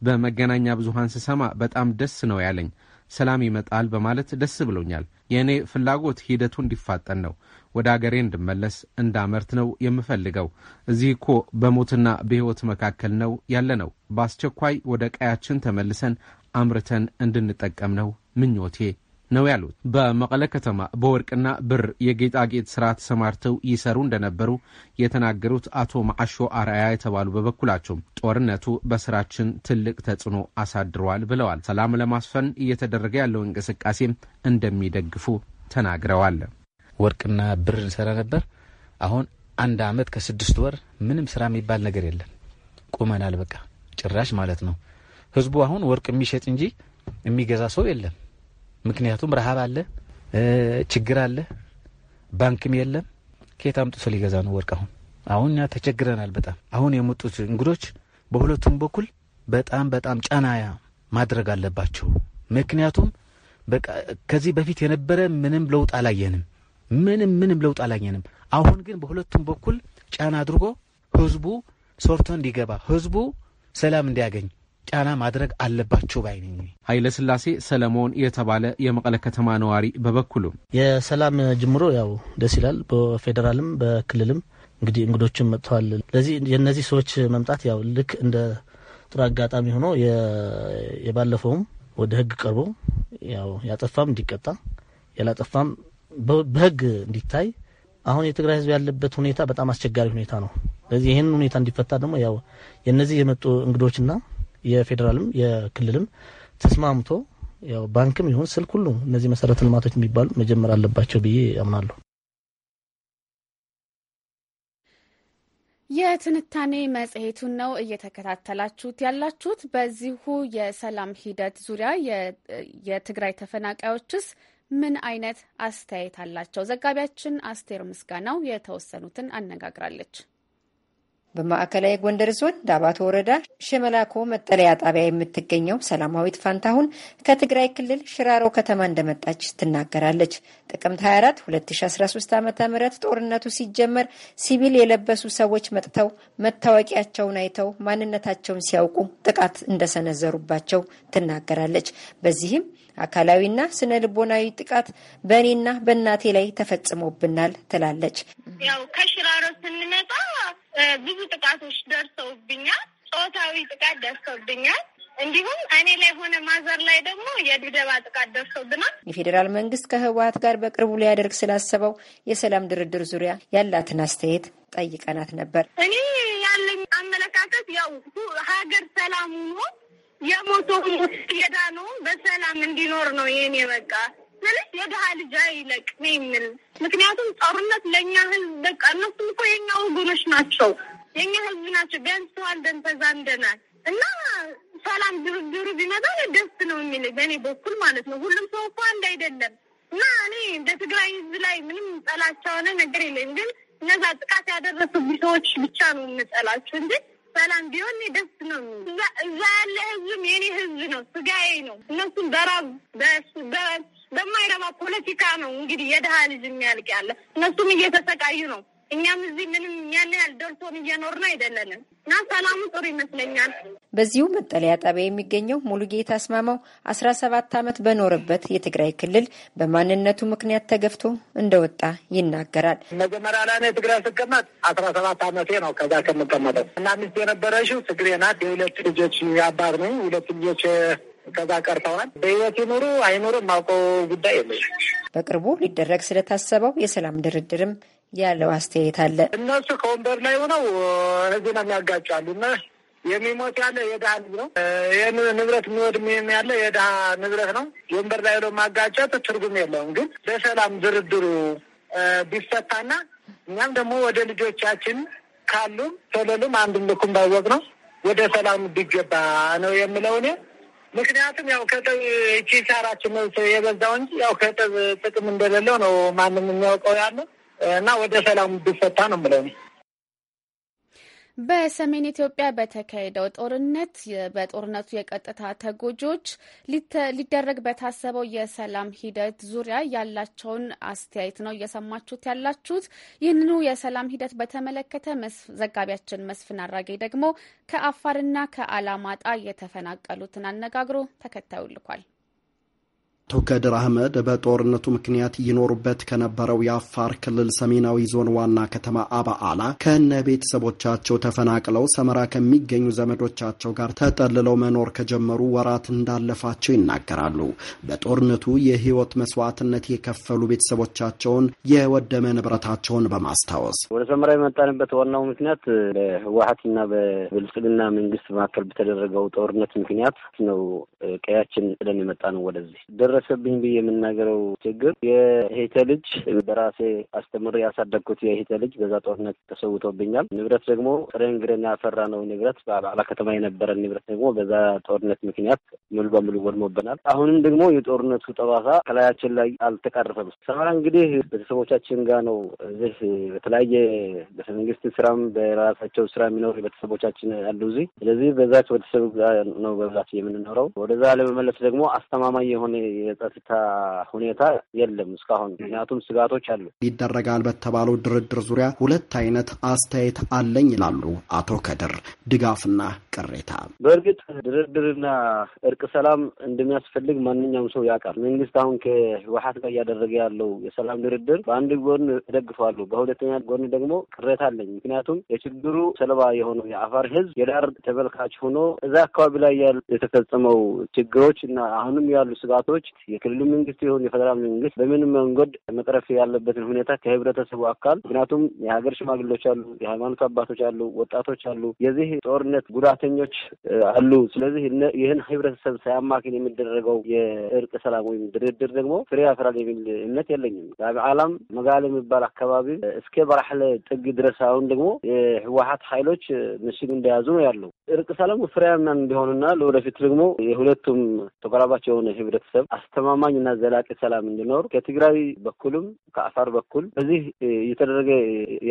በመገናኛ ብዙሃን ስሰማ በጣም ደስ ነው ያለኝ። ሰላም ይመጣል በማለት ደስ ብሎኛል። የእኔ ፍላጎት ሂደቱ እንዲፋጠን ነው። ወደ አገሬ እንድመለስ እንዳመርት ነው የምፈልገው። እዚህ እኮ በሞትና በሕይወት መካከል ነው ያለ ነው። በአስቸኳይ ወደ ቀያችን ተመልሰን አምርተን እንድንጠቀም ነው ምኞቴ ነው ያሉት። በመቀለ ከተማ በወርቅና ብር የጌጣጌጥ ስራ ተሰማርተው ይሰሩ እንደነበሩ የተናገሩት አቶ ማዓሾ አርአያ የተባሉ በበኩላቸው ጦርነቱ በስራችን ትልቅ ተጽዕኖ አሳድረዋል ብለዋል። ሰላም ለማስፈን እየተደረገ ያለው እንቅስቃሴም እንደሚደግፉ ተናግረዋል። ወርቅና ብር እንሰራ ነበር። አሁን አንድ አመት ከስድስት ወር ምንም ስራ የሚባል ነገር የለም። ቁመናል። በቃ ጭራሽ ማለት ነው። ህዝቡ አሁን ወርቅ የሚሸጥ እንጂ የሚገዛ ሰው የለም። ምክንያቱም ረሃብ አለ፣ ችግር አለ፣ ባንክም የለም። ከየት አምጥቶ ሊገዛ ነው ወርቅ? አሁን አሁን እኛ ተቸግረናል በጣም አሁን የመጡት እንግዶች በሁለቱም በኩል በጣም በጣም ጫና ማድረግ አለባቸው። ምክንያቱም በቃ ከዚህ በፊት የነበረ ምንም ለውጥ አላየንም። ምንም ምንም ለውጥ አላየንም። አሁን ግን በሁለቱም በኩል ጫና አድርጎ ህዝቡ ሰርቶ እንዲገባ፣ ህዝቡ ሰላም እንዲያገኝ ጫና ማድረግ አለባቸው ባይ ነኝ። ስላሴ ሰለሞን የተባለ የመቀለ ከተማ ነዋሪ በበኩሉ የሰላም ጅምሮ ያው ደስ ይላል። በፌዴራልም በክልልም እንግዲህ እንግዶችም መጥተዋል። ለዚህ የእነዚህ ሰዎች መምጣት ያው ልክ እንደ ጥሩ አጋጣሚ ሆኖ የባለፈውም ወደ ህግ ቀርቦ ያው ያጠፋም እንዲቀጣ ያላጠፋም በህግ እንዲታይ። አሁን የትግራይ ህዝብ ያለበት ሁኔታ በጣም አስቸጋሪ ሁኔታ ነው። ስለዚህ ይህን ሁኔታ እንዲፈታ ደግሞ ያው የእነዚህ የመጡ እንግዶችና የፌዴራልም የክልልም ተስማምቶ ያው ባንክም ይሁን ስልክ ሁሉ እነዚህ መሰረተ ልማቶች የሚባሉ መጀመር አለባቸው ብዬ አምናለሁ። የትንታኔ መጽሔቱን ነው እየተከታተላችሁት ያላችሁት። በዚሁ የሰላም ሂደት ዙሪያ የትግራይ ተፈናቃዮችስ ምን አይነት አስተያየት አላቸው? ዘጋቢያችን አስቴር ምስጋናው የተወሰኑትን አነጋግራለች። በማዕከላዊ ጎንደር ዞን ዳባቶ ወረዳ ሸመላኮ መጠለያ ጣቢያ የምትገኘው ሰላማዊት ፋንታሁን ከትግራይ ክልል ሽራሮ ከተማ እንደመጣች ትናገራለች። ጥቅምት 24 2013 ዓ ም ጦርነቱ ሲጀመር ሲቪል የለበሱ ሰዎች መጥተው መታወቂያቸውን አይተው ማንነታቸውን ሲያውቁ ጥቃት እንደሰነዘሩባቸው ትናገራለች። በዚህም አካላዊና ስነ ልቦናዊ ጥቃት በእኔና በእናቴ ላይ ተፈጽሞብናል ትላለች። ያው ከሽራሮ ስንመጣ ብዙ ጥቃቶች ደርሰውብኛል። ጾታዊ ጥቃት ደርሰውብኛል። እንዲሁም እኔ ላይ ሆነ ማዘር ላይ ደግሞ የድብደባ ጥቃት ደርሰውብናል። የፌዴራል መንግስት ከህወሀት ጋር በቅርቡ ሊያደርግ ስላሰበው የሰላም ድርድር ዙሪያ ያላትን አስተያየት ጠይቀናት ነበር። እኔ ያለኝ አመለካከት ያው ሀገር ሰላም ሆኖ ሄዳ ነው በሰላም እንዲኖር ነው። ይህን የበቃ ትልቅ የድሀ ልጅ አይለቅ ነው የምል። ምክንያቱም ጦርነት ለእኛ ህዝብ በቃ እነሱም እኮ የኛ ወገኖች ናቸው፣ የእኛ ህዝብ ናቸው። ቢያንስ ተዋልደን ተዛምደናል እና ሰላም ድርድሩ ቢመጣ ደስ ነው የሚል በእኔ በኩል ማለት ነው። ሁሉም ሰው እኮ አንድ አይደለም እና እኔ እንደ ትግራይ ህዝብ ላይ ምንም ጠላቻ ሆነ ነገር የለም። ግን እነዛ ጥቃት ያደረሱብኝ ሰዎች ብቻ ነው የምጠላቸው እንጂ ሰላም ቢሆን ደስ ነው። እዛ ያለ ህዝብም የኔ ህዝብ ነው፣ ስጋዬ ነው። እነሱም በራብ በሱ በ በማይረባ ፖለቲካ ነው እንግዲህ የድሃ ልጅ የሚያልቅ ያለ። እነሱም እየተሰቃዩ ነው። እኛም እዚህ ምንም ያን ያህል ደርሶን እየኖርን አይደለንም እና ሰላሙ ጥሩ ይመስለኛል። በዚሁ መጠለያ ጣቢያ የሚገኘው ሙሉጌታ አስማማው አስራ ሰባት ዓመት በኖረበት የትግራይ ክልል በማንነቱ ምክንያት ተገፍቶ እንደወጣ ይናገራል። መጀመሪያ ላይ የትግራይ ስቀመጥ አስራ ሰባት ዓመቴ ነው። ከዛ ከምቀመጠው እና ሚስት የነበረችው ትግሬ ናት። የሁለት ልጆች አባት ነኝ። ሁለት ልጆች ከዛ ቀርተዋል። በህይወት ይኑሩ አይኑሩ ማውቀው ጉዳይ የለ። በቅርቡ ሊደረግ ስለታሰበው የሰላም ድርድርም ያለው አስተያየት አለ። እነሱ ከወንበር ላይ ሆነው ህዝብ ነው የሚያጋጫሉ እና የሚሞት ያለ የድሃ ልጅ ነው። ንብረት የሚወድም ያለ የድሃ ንብረት ነው። ወንበር ላይ ሆነው ማጋጨት ትርጉም የለውም። ግን በሰላም ድርድሩ ቢፈታና እኛም ደግሞ ወደ ልጆቻችን ካሉም ተለሉም አንድም ልኩም ባወቅ ነው ወደ ሰላም ቢገባ ነው የምለው እኔ ምክንያቱም ያው ከጥብ ኪሳራችን ነው የበዛው እንጂ ያው ከጥብ ጥቅም እንደሌለው ነው ማንም የሚያውቀው ያለ እና ወደ ሰላም ቢፈታ ነው የምለው። በሰሜን ኢትዮጵያ በተካሄደው ጦርነት በጦርነቱ የቀጥታ ተጎጂዎች ሊደረግ በታሰበው የሰላም ሂደት ዙሪያ ያላቸውን አስተያየት ነው እየሰማችሁት ያላችሁት። ይህንኑ የሰላም ሂደት በተመለከተ ዘጋቢያችን መስፍን አራጌ ደግሞ ከአፋርና ከአላማጣ የተፈናቀሉትን አነጋግሮ ተከታዩ ልኳል። አቶ ከድር አህመድ በጦርነቱ ምክንያት ይኖሩበት ከነበረው የአፋር ክልል ሰሜናዊ ዞን ዋና ከተማ አባአላ ከነ ቤተሰቦቻቸው ተፈናቅለው ሰመራ ከሚገኙ ዘመዶቻቸው ጋር ተጠልለው መኖር ከጀመሩ ወራት እንዳለፋቸው ይናገራሉ። በጦርነቱ የህይወት መስዋዕትነት የከፈሉ ቤተሰቦቻቸውን የወደመ ንብረታቸውን በማስታወስ ወደ ሰመራ የመጣንበት ዋናው ምክንያት በህወሀትና በብልጽግና መንግስት መካከል በተደረገው ጦርነት ምክንያት ነው። ቀያችን ጥለን የመጣ ነው ወደዚህ ደረሰብኝ ብዬ የምናገረው ችግር የሄተ ልጅ በራሴ አስተምሬ ያሳደግኩት የሄተ ልጅ በዛ ጦርነት ተሰውቶብኛል። ንብረት ደግሞ ጥረን ግረን ነው ንብረት በአባላ ከተማ የነበረን ንብረት ደግሞ በዛ ጦርነት ምክንያት ሙሉ በሙሉ ወድሞብናል። አሁንም ደግሞ የጦርነቱ ጠባሳ ከላያችን ላይ አልተቃረፈም። ሰማራ እንግዲህ ቤተሰቦቻችን ጋር ነው እዚህ በተለያየ በመንግስት ስራም በራሳቸው ስራ የሚኖሩ ቤተሰቦቻችን አሉ እዚህ። ስለዚህ በዛች ቤተሰብ ነው በብዛት የምንኖረው። ወደዛ ለመመለስ ደግሞ አስተማማኝ የሆነ የጸጥታ ሁኔታ የለም እስካሁን። ምክንያቱም ስጋቶች አሉ። ይደረጋል በተባለው ድርድር ዙሪያ ሁለት አይነት አስተያየት አለኝ ይላሉ አቶ ከድር፣ ድጋፍና ቅሬታ። በእርግጥ ድርድርና እርቅ ሰላም እንደሚያስፈልግ ማንኛውም ሰው ያውቃል። መንግስት አሁን ከህወሀት ጋር እያደረገ ያለው የሰላም ድርድር በአንድ ጎን እደግፈዋለሁ፣ በሁለተኛ ጎን ደግሞ ቅሬታ አለኝ። ምክንያቱም የችግሩ ሰለባ የሆነው የአፋር ህዝብ የዳር ተመልካች ሆኖ እዛ አካባቢ ላይ የተፈጸመው ችግሮች እና አሁንም ያሉ ስጋቶች መንግስት፣ የክልሉ መንግስት ይሁን የፌደራል መንግስት በምን መንገድ መቅረፍ ያለበትን ሁኔታ ከህብረተሰቡ አካል ምክንያቱም የሀገር ሽማግሌዎች አሉ፣ የሃይማኖት አባቶች አሉ፣ ወጣቶች አሉ፣ የዚህ ጦርነት ጉዳተኞች አሉ። ስለዚህ ይህን ህብረተሰብ ሳያማክን የሚደረገው የእርቅ ሰላም ወይም ድርድር ደግሞ ፍሬ ያፈራል የሚል እምነት የለኝም። ዓላም መጋል የሚባል አካባቢ እስከ በራህለ ጥግ ድረስ አሁን ደግሞ የህወሀት ኃይሎች ምሽግ እንደያዙ ነው ያለው። እርቅ ሰላም ፍሬያማ እንዲሆንና ለወደፊት ደግሞ የሁለቱም ተቆራባቸው የሆነ ህብረተሰብ አስተማማኝ እና ዘላቂ ሰላም እንዲኖር ከትግራይ በኩልም ከአፋር በኩል በዚህ እየተደረገ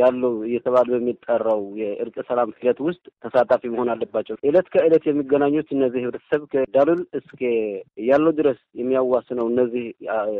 ያለው እየተባለ በሚጠራው የእርቅ ሰላም ሂደት ውስጥ ተሳታፊ መሆን አለባቸው። እለት ከእለት የሚገናኙት እነዚህ ህብረተሰብ ከዳሉል እስከ ያለው ድረስ የሚያዋስነው እነዚህ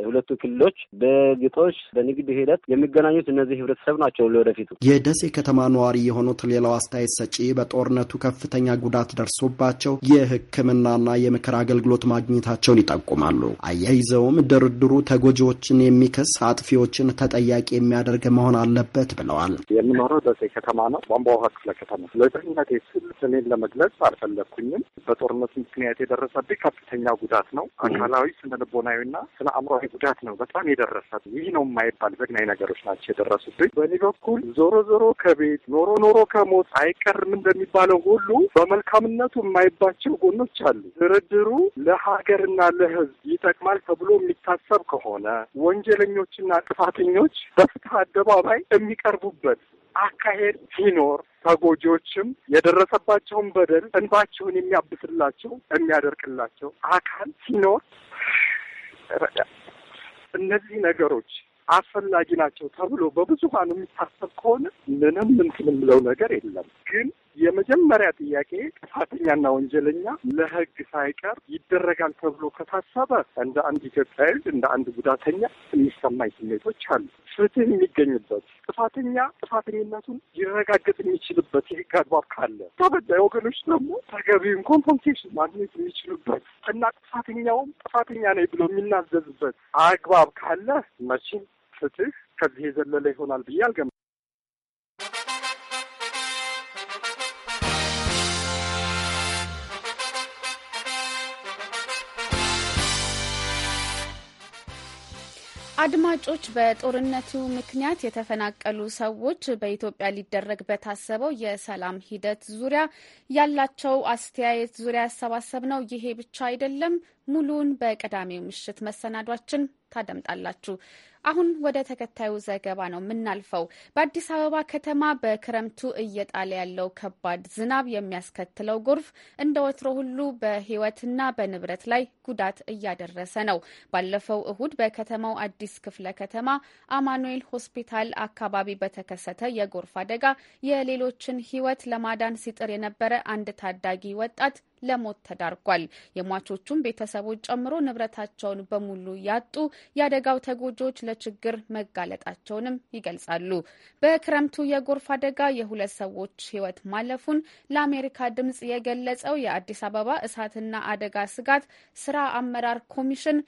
ሁለቱ ክልሎች በግጦሽ በንግድ ሂደት የሚገናኙት እነዚህ ህብረተሰብ ናቸው። ለወደፊቱ የደሴ ከተማ ነዋሪ የሆኑት ሌላው አስተያየት ሰጪ በጦርነቱ ከፍተኛ ጉዳት ደርሶባቸው የህክምናና የምክር አገልግሎት ማግኘታቸውን ይጠቁማሉ። አያይዘውም ድርድሩ ተጎጂዎችን የሚከስ አጥፊዎችን ተጠያቂ የሚያደርግ መሆን አለበት ብለዋል። የምኖረው ደሴ ከተማ ነው፣ ቧንቧ ውሃ ክፍለ ከተማ። ለደህንነቴ ስል ስሜን ለመግለጽ አልፈለግኩኝም። በጦርነት ምክንያት የደረሰብኝ ከፍተኛ ጉዳት ነው። አካላዊ፣ ስነ ልቦናዊና ስነ አእምሯዊ ጉዳት ነው በጣም የደረሰብ። ይህ ነው የማይባል ዘግናኝ ነገሮች ናቸው የደረሱብኝ። በእኔ በኩል ዞሮ ዞሮ ከቤት ኖሮ ኖሮ ከሞት አይቀርም እንደሚባለው ሁሉ በመልካምነቱ የማይባቸው ጎኖች አሉ። ድርድሩ ለሀገርና ለህዝብ ይጠ ይጠቅማል ተብሎ የሚታሰብ ከሆነ ወንጀለኞችና ጥፋተኞች በፍትህ አደባባይ የሚቀርቡበት አካሄድ ሲኖር ተጎጂዎችም የደረሰባቸውን በደል እንባቸውን የሚያብስላቸው የሚያደርቅላቸው አካል ሲኖር እነዚህ ነገሮች አስፈላጊ ናቸው ተብሎ በብዙሀኑ የሚታሰብ ከሆነ ምንም እንትን የምለው ነገር የለም። ግን የመጀመሪያ ጥያቄ ጥፋተኛና ወንጀለኛ ለህግ ሳይቀር ይደረጋል ተብሎ ከታሰበ እንደ አንድ ኢትዮጵያዊ እንደ አንድ ጉዳተኛ የሚሰማኝ ስሜቶች አሉ። ፍትህ የሚገኝበት ጥፋተኛ ጥፋተኝነቱን ሊረጋገጥ የሚችልበት የህግ አግባብ ካለ ተበዳይ ወገኖች ደግሞ ተገቢውን ኮምፐንሴሽን ማግኘት የሚችሉበት እና ጥፋተኛውም ጥፋተኛ ነኝ ብሎ የሚናዘዝበት አግባብ ካለ መቼም ፍትህ ከዚህ የዘለለ ይሆናል ብዬ አልገ አድማጮች በጦርነቱ ምክንያት የተፈናቀሉ ሰዎች በኢትዮጵያ ሊደረግ በታሰበው የሰላም ሂደት ዙሪያ ያላቸው አስተያየት ዙሪያ ያሰባሰብ ነው። ይሄ ብቻ አይደለም፣ ሙሉውን በቀዳሚው ምሽት መሰናዷችን ታደምጣላችሁ። አሁን ወደ ተከታዩ ዘገባ ነው የምናልፈው። በአዲስ አበባ ከተማ በክረምቱ እየጣለ ያለው ከባድ ዝናብ የሚያስከትለው ጎርፍ እንደ ወትሮ ሁሉ በሕይወትና በንብረት ላይ ጉዳት እያደረሰ ነው። ባለፈው እሁድ በከተማው አዲስ ክፍለ ከተማ አማኑኤል ሆስፒታል አካባቢ በተከሰተ የጎርፍ አደጋ የሌሎችን ሕይወት ለማዳን ሲጥር የነበረ አንድ ታዳጊ ወጣት ለሞት ተዳርጓል። የሟቾቹም ቤተሰቦች ጨምሮ ንብረታቸውን በሙሉ ያጡ የአደጋው ተጎጂዎች ለችግር መጋለጣቸውንም ይገልጻሉ። በክረምቱ የጎርፍ አደጋ የሁለት ሰዎች ሕይወት ማለፉን ለአሜሪካ ድምጽ የገለጸው የአዲስ አበባ እሳትና አደጋ ስጋት ስራ አመራር ኮሚሽን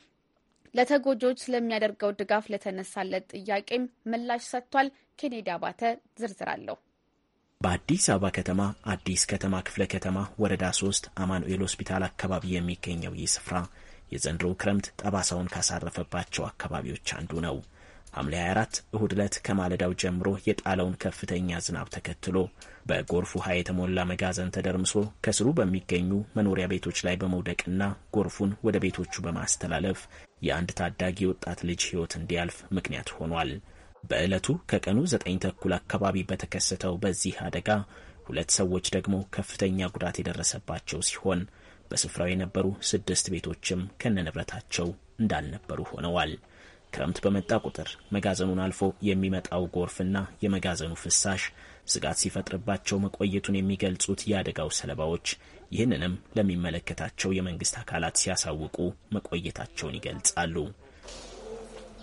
ለተጎጂዎች ስለሚያደርገው ድጋፍ ለተነሳለት ጥያቄም ምላሽ ሰጥቷል። ኬኔዲ አባተ ዝርዝር አለው። በአዲስ አበባ ከተማ አዲስ ከተማ ክፍለ ከተማ ወረዳ ሶስት አማኑኤል ሆስፒታል አካባቢ የሚገኘው ይህ ስፍራ የዘንድሮ ክረምት ጠባሳውን ካሳረፈባቸው አካባቢዎች አንዱ ነው። ሐምሌ 24 እሁድ ዕለት ከማለዳው ጀምሮ የጣለውን ከፍተኛ ዝናብ ተከትሎ በጎርፍ ውሃ የተሞላ መጋዘን ተደርምሶ ከስሩ በሚገኙ መኖሪያ ቤቶች ላይ በመውደቅና ጎርፉን ወደ ቤቶቹ በማስተላለፍ የአንድ ታዳጊ ወጣት ልጅ ሕይወት እንዲያልፍ ምክንያት ሆኗል። በዕለቱ ከቀኑ ዘጠኝ ተኩል አካባቢ በተከሰተው በዚህ አደጋ ሁለት ሰዎች ደግሞ ከፍተኛ ጉዳት የደረሰባቸው ሲሆን በስፍራው የነበሩ ስድስት ቤቶችም ንብረታቸው እንዳልነበሩ ሆነዋል። ክረምት በመጣ ቁጥር መጋዘኑን አልፎ የሚመጣው ጎርፍና የመጋዘኑ ፍሳሽ ስጋት ሲፈጥርባቸው መቆየቱን የሚገልጹት የአደጋው ሰለባዎች ይህንንም ለሚመለከታቸው የመንግስት አካላት ሲያሳውቁ መቆየታቸውን ይገልጻሉ።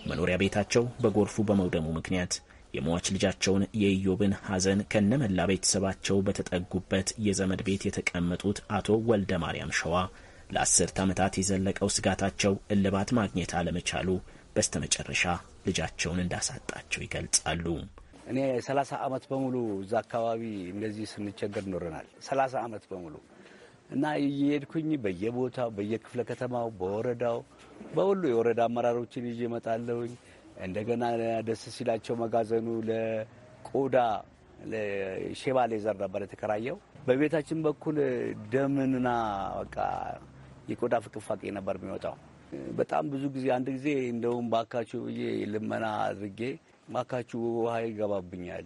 መኖሪያ ቤታቸው በጎርፉ በመውደሙ ምክንያት የሟች ልጃቸውን የኢዮብን ሐዘን ከነመላ ቤተሰባቸው በተጠጉበት የዘመድ ቤት የተቀመጡት አቶ ወልደ ማርያም ሸዋ ለአስርት ዓመታት የዘለቀው ስጋታቸው እልባት ማግኘት አለመቻሉ በስተመጨረሻ ልጃቸውን እንዳሳጣቸው ይገልጻሉ። እኔ ሰላሳ ዓመት በሙሉ እዛ አካባቢ እንደዚህ ስንቸገር ኖረናል። ሰላሳ ዓመት በሙሉ እና እየሄድኩኝ በየቦታው በየክፍለ ከተማው በወረዳው በሁሉ የወረዳ አመራሮችን ይዤ እመጣለሁኝ። እንደገና ደስ ሲላቸው መጋዘኑ ለቆዳ ሼባ ሌዘር ነበር የተከራየው። በቤታችን በኩል ደምንና በቃ የቆዳ ፍቅፋቄ ነበር የሚወጣው። በጣም ብዙ ጊዜ አንድ ጊዜ እንደውም ባካችሁ ብዬ ልመና አድርጌ ባካችሁ ውሃ ይገባብኛል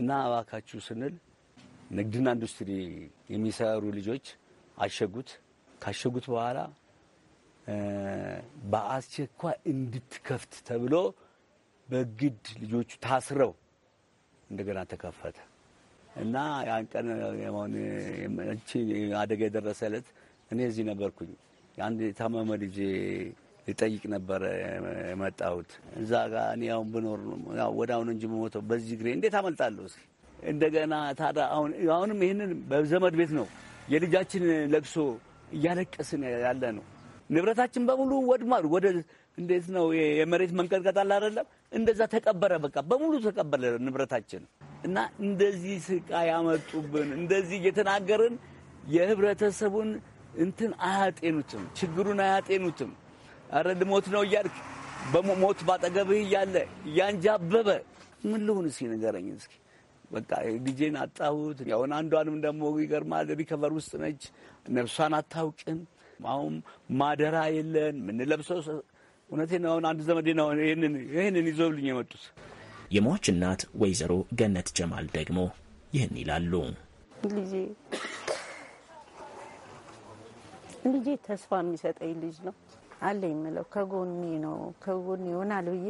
እና ባካችሁ ስንል ንግድና ኢንዱስትሪ የሚሰሩ ልጆች አሸጉት። ካሸጉት በኋላ በአስቸኳይ እንድትከፍት ተብሎ በግድ ልጆቹ ታስረው እንደገና ተከፈተ እና ያን ቀን አደጋ የደረሰ ዕለት እኔ እዚህ ነበርኩኝ። አንድ የታመመ ልጅ ሊጠይቅ ነበረ የመጣሁት እዛ ጋር እኔ ያሁን ብኖር ወደ አሁን እንጂ መሞተው በዚህ እግሬ እንዴት አመልጣለሁ? እስኪ እንደገና ታዲያ አሁን አሁንም ይህንን በዘመድ ቤት ነው የልጃችን ለቅሶ እያለቀስን ያለ ነው። ንብረታችን በሙሉ ወድሟል። ወደ እንዴት ነው የመሬት መንቀጥቀጥ አለ አይደለም? እንደዛ ተቀበረ፣ በቃ በሙሉ ተቀበረ ንብረታችን እና እንደዚህ ስቃ ያመጡብን፣ እንደዚህ እየተናገርን የህብረተሰቡን እንትን አያጤኑትም፣ ችግሩን አያጤኑትም። አረ ልሞት ነው እያልክ በሞት ባጠገብህ እያለ እያንጃበበ ምን ልሁን እስኪ ንገረኝ እስኪ በቃ ልጄን አጣሁት። ያሁን አንዷንም ደግሞ ይገርማል ሪከቨር ውስጥ ነች። ነፍሷን አታውቅም። አሁን ማደራ የለን ምንለብሰው እውነቴን አሁን አንድ ዘመዴ ነው ይህንን ይዞብልኝ የመጡት። የሟች እናት ወይዘሮ ገነት ጀማል ደግሞ ይህን ይላሉ። ልጄ ልጄ ተስፋ የሚሰጠኝ ልጅ ነው አለ የምለው ከጎኔ ነው ከጎኔ ይሆናል ብዬ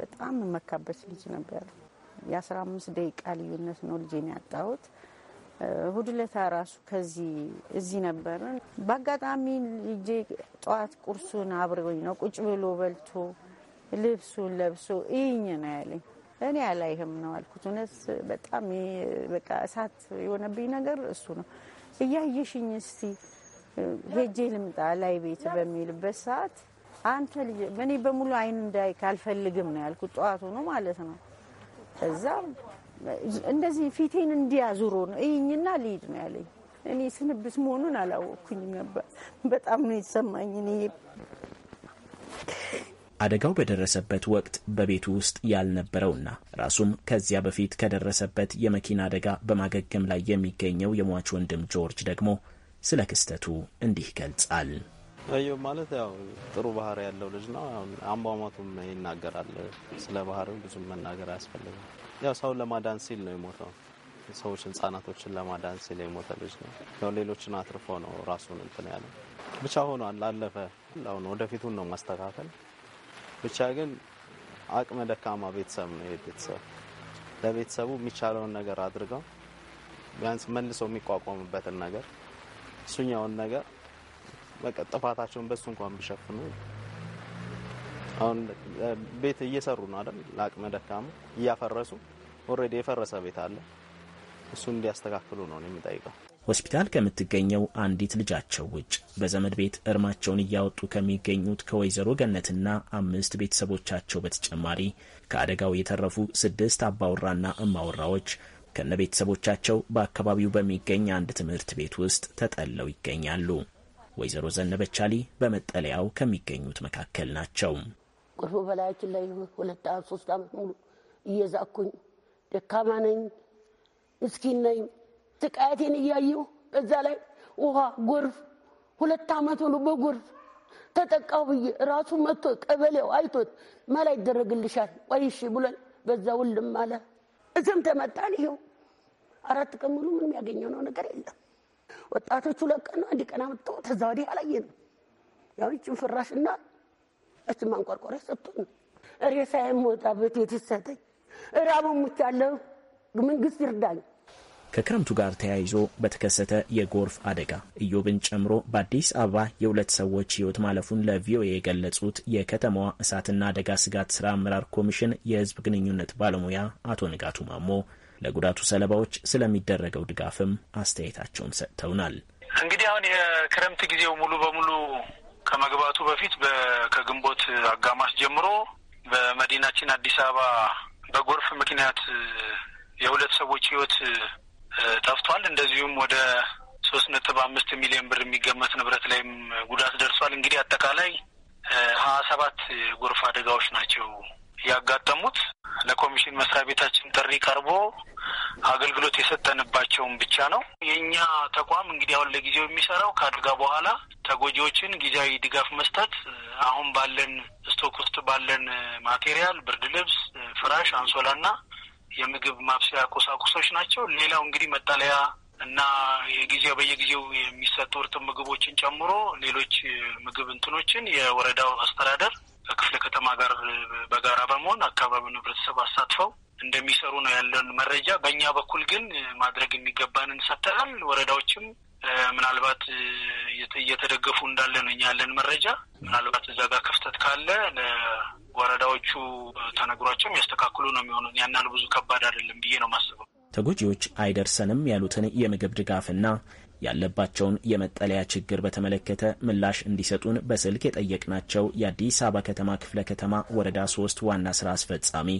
በጣም የመካበት ልጅ ነበር። የአስራ አምስት ደቂቃ ልዩነት ነው ልጄን ያጣሁት። እሑድ ዕለት ራሱ ከዚህ እዚህ ነበርን። በአጋጣሚ ልጄ ጠዋት ቁርሱን አብሬኝ ነው ቁጭ ብሎ በልቶ ልብሱን ለብሶ ይህኝ ነው ያለኝ። እኔ አላይህም ነው አልኩት። እውነት በጣም በቃ እሳት የሆነብኝ ነገር እሱ ነው። እያየሽኝ እስቲ ሄጄ ልምጣ ላይ ቤት በሚልበት ሰዓት አንተ ልጅ እኔ በሙሉ አይን እንዳይ ካልፈልግም ነው ያልኩት። ጠዋት ሆኖ ማለት ነው። እዛም እንደዚህ ፊቴን እንዲያዙሮ ነው እይኝና ልሂድ ነው ያለኝ። እኔ ስንብስ መሆኑን አላወቅኩኝም ነበር። በጣም ነው የተሰማኝ እኔ አደጋው በደረሰበት ወቅት በቤቱ ውስጥ ያልነበረውና ራሱም ከዚያ በፊት ከደረሰበት የመኪና አደጋ በማገገም ላይ የሚገኘው የሟች ወንድም ጆርጅ ደግሞ ስለ ክስተቱ እንዲህ ገልጻል። አዮ ማለት ያው ጥሩ ባህሪ ያለው ልጅ ነው። አሟሟቱም ይናገራል። ስለ ባህሪው ብዙም መናገር አያስፈልግም። ያው ሰውን ለማዳን ሲል ነው የሞተው። ሰዎች ህጻናቶችን ለማዳን ሲል የሞተ ልጅ ነው። ያው ሌሎችን አትርፎ ነው ራሱን እንትን ያለ ብቻ ሆኗል። አለፈ። አሁን ወደፊቱን ነው ማስተካከል ብቻ። ግን አቅመ ደካማ ቤተሰብ ነው ይሄ ቤተሰብ። ለቤተሰቡ የሚቻለውን ነገር አድርገው ቢያንስ መልሶ የሚቋቋምበትን ነገር እሱኛውን ነገር በቃ ጥፋታቸውን በሱ እንኳን ቢሸፍኑ አሁን ቤት እየሰሩ ነው አይደል? ለአቅመ ደካሙ እያፈረሱ ኦልሬዲ የፈረሰ ቤት አለ። እሱ እንዲያስተካክሉ ነው ነው የሚጠይቀው። ሆስፒታል ከምትገኘው አንዲት ልጃቸው ውጭ በዘመድ ቤት እርማቸውን እያወጡ ከሚገኙት ከወይዘሮ ገነትና አምስት ቤተሰቦቻቸው በተጨማሪ ከአደጋው የተረፉ ስድስት አባወራና እማወራዎች ከነ ቤተሰቦቻቸው በአካባቢው በሚገኝ አንድ ትምህርት ቤት ውስጥ ተጠለው ይገኛሉ። ወይዘሮ ዘነበቻሊ በመጠለያው ከሚገኙት መካከል ናቸው። ቁልፉ በላያችን ላይ ሁለት ዓመት ሶስት አመት ሙሉ እየዛኩኝ ደካማ ነኝ፣ ምስኪን ነኝ። ስቃየቴን እያየሁ እዛ ላይ ውሃ ጎርፍ ሁለት አመት ሙሉ በጎርፍ ተጠቃው ብዬ ራሱ መጥቶ ቀበሌው አይቶት መላ ይደረግልሻል ቆይሽ ብሎን በዛ ውልም አለ እዚም ተመጣን። ይኸው አራት ቀን ሙሉ ምንም ያገኘው ነው ነገር የለም። ወጣቶቹ ለቀን ነው አንድ ቀን አመጣው ተዛ ወዲህ አላየ ነው ያው ይችን ፍራሽና እስቲ ማንቆርቆሪያ ሰጥቶኝ ሬሳ የሞታ ቤት የተሰጠኝ ራቡ ሙቻለሁ፣ መንግስት ይርዳኝ። ከክረምቱ ጋር ተያይዞ በተከሰተ የጎርፍ አደጋ ኢዮብን ጨምሮ በአዲስ አበባ የሁለት ሰዎች ሕይወት ማለፉን ለቪኦኤ የገለጹት የከተማዋ እሳትና አደጋ ስጋት ስራ አመራር ኮሚሽን የህዝብ ግንኙነት ባለሙያ አቶ ንጋቱ ማሞ ለጉዳቱ ሰለባዎች ስለሚደረገው ድጋፍም አስተያየታቸውን ሰጥተውናል። እንግዲህ አሁን የክረምት ጊዜው ሙሉ በሙሉ ከመግባቱ በፊት ከግንቦት አጋማሽ ጀምሮ በመዲናችን አዲስ አበባ በጎርፍ ምክንያት የሁለት ሰዎች ህይወት ጠፍቷል። እንደዚሁም ወደ ሶስት ነጥብ አምስት ሚሊዮን ብር የሚገመት ንብረት ላይም ጉዳት ደርሷል። እንግዲህ አጠቃላይ ሀያ ሰባት ጎርፍ አደጋዎች ናቸው ያጋጠሙት ለኮሚሽን መስሪያ ቤታችን ጥሪ ቀርቦ አገልግሎት የሰጠንባቸውን ብቻ ነው። የእኛ ተቋም እንግዲህ አሁን ለጊዜው የሚሰራው ከአደጋ በኋላ ተጎጂዎችን ጊዜያዊ ድጋፍ መስጠት አሁን ባለን ስቶክ ውስጥ ባለን ማቴሪያል፣ ብርድ ልብስ፣ ፍራሽ፣ አንሶላ እና የምግብ ማብሰያ ቁሳቁሶች ናቸው። ሌላው እንግዲህ መጠለያ እና የጊዜው በየጊዜው የሚሰጡ እርጥብ ምግቦችን ጨምሮ ሌሎች ምግብ እንትኖችን የወረዳው አስተዳደር ከክፍለ ከተማ ጋር በጋራ በመሆን አካባቢውን ህብረተሰብ አሳትፈው እንደሚሰሩ ነው ያለን መረጃ። በእኛ በኩል ግን ማድረግ የሚገባንን ሰጥተናል። ወረዳዎችም ምናልባት እየተደገፉ እንዳለ ነው እኛ ያለን መረጃ። ምናልባት እዛ ጋር ክፍተት ካለ ለወረዳዎቹ ተነግሯቸው የሚያስተካክሉ ነው የሚሆነው። ያናል ብዙ ከባድ አይደለም ብዬ ነው ማስበው። ተጎጂዎች አይደርሰንም ያሉትን የምግብ ድጋፍና ያለባቸውን የመጠለያ ችግር በተመለከተ ምላሽ እንዲሰጡን በስልክ የጠየቅናቸው የአዲስ አበባ ከተማ ክፍለ ከተማ ወረዳ ሶስት ዋና ስራ አስፈጻሚ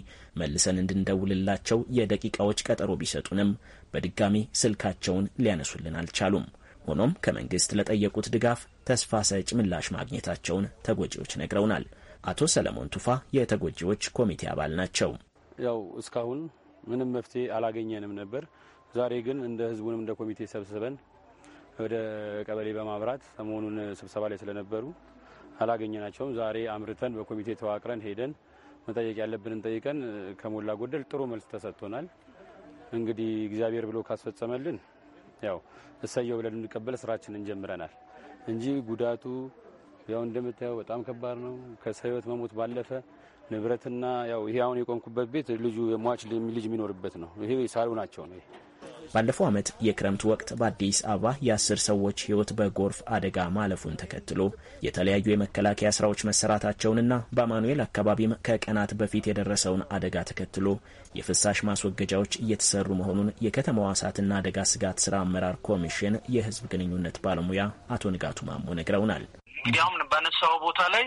መልሰን እንድንደውልላቸው የደቂቃዎች ቀጠሮ ቢሰጡንም በድጋሚ ስልካቸውን ሊያነሱልን አልቻሉም። ሆኖም ከመንግስት ለጠየቁት ድጋፍ ተስፋ ሰጭ ምላሽ ማግኘታቸውን ተጎጂዎች ነግረውናል። አቶ ሰለሞን ቱፋ የተጎጂዎች ኮሚቴ አባል ናቸው። ያው እስካሁን ምንም መፍትሄ አላገኘንም ነበር። ዛሬ ግን እንደ ህዝቡንም እንደ ኮሚቴ ሰብስበን ወደ ቀበሌ በማምራት ሰሞኑን ስብሰባ ላይ ስለነበሩ አላገኘናቸውም። ዛሬ አምርተን በኮሚቴ ተዋቅረን ሄደን መጠየቅ ያለብንን ጠይቀን ከሞላ ጎደል ጥሩ መልስ ተሰጥቶናል። እንግዲህ እግዚአብሔር ብሎ ካስፈጸመልን ያው እሰየው ብለን እንቀበል ስራችንን ጀምረናል እንጂ ጉዳቱ ያው እንደምታየው በጣም ከባድ ነው። ከሰህይወት መሞት ባለፈ ንብረትና ያው ይሄ አሁን የቆምኩበት ቤት ልጁ የሟች ልጅ የሚኖርበት ነው። ይሄ ሳሉ ናቸው ነው ባለፈው ዓመት የክረምት ወቅት በአዲስ አበባ የአስር ሰዎች ሕይወት በጎርፍ አደጋ ማለፉን ተከትሎ የተለያዩ የመከላከያ ስራዎች መሰራታቸውንና በአማኑኤል አካባቢም ከቀናት በፊት የደረሰውን አደጋ ተከትሎ የፍሳሽ ማስወገጃዎች እየተሰሩ መሆኑን የከተማዋ እሳትና አደጋ ስጋት ስራ አመራር ኮሚሽን የህዝብ ግንኙነት ባለሙያ አቶ ንጋቱ ማሞ ነግረውናል። እንግዲህ በነሳው ቦታ ላይ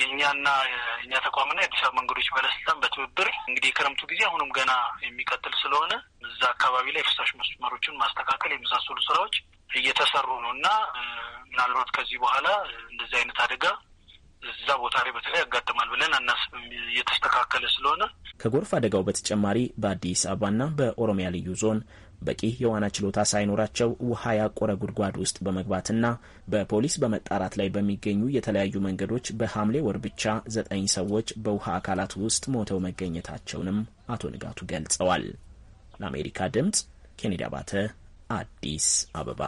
የእኛና የእኛ ተቋምና የአዲስ አበባ መንገዶች ባለስልጣን በትብብር እንግዲህ የክረምቱ ጊዜ አሁንም ገና የሚቀጥል ስለሆነ እዛ አካባቢ ላይ የፍሳሽ መስመሮችን ማስተካከል የመሳሰሉ ስራዎች እየተሰሩ ነው እና ምናልባት ከዚህ በኋላ እንደዚህ አይነት አደጋ እዛ ቦታ ላይ በተለይ ያጋጥማል ብለን አናስብም። እየተስተካከለ ስለሆነ ከጎርፍ አደጋው በተጨማሪ በአዲስ አበባና በኦሮሚያ ልዩ ዞን በቂ የዋና ችሎታ ሳይኖራቸው ውሃ ያቆረ ጉድጓድ ውስጥ በመግባትና በፖሊስ በመጣራት ላይ በሚገኙ የተለያዩ መንገዶች በሐምሌ ወር ብቻ ዘጠኝ ሰዎች በውሃ አካላት ውስጥ ሞተው መገኘታቸውንም አቶ ንጋቱ ገልጸዋል። ለአሜሪካ ድምፅ ኬኔዲ አባተ አዲስ አበባ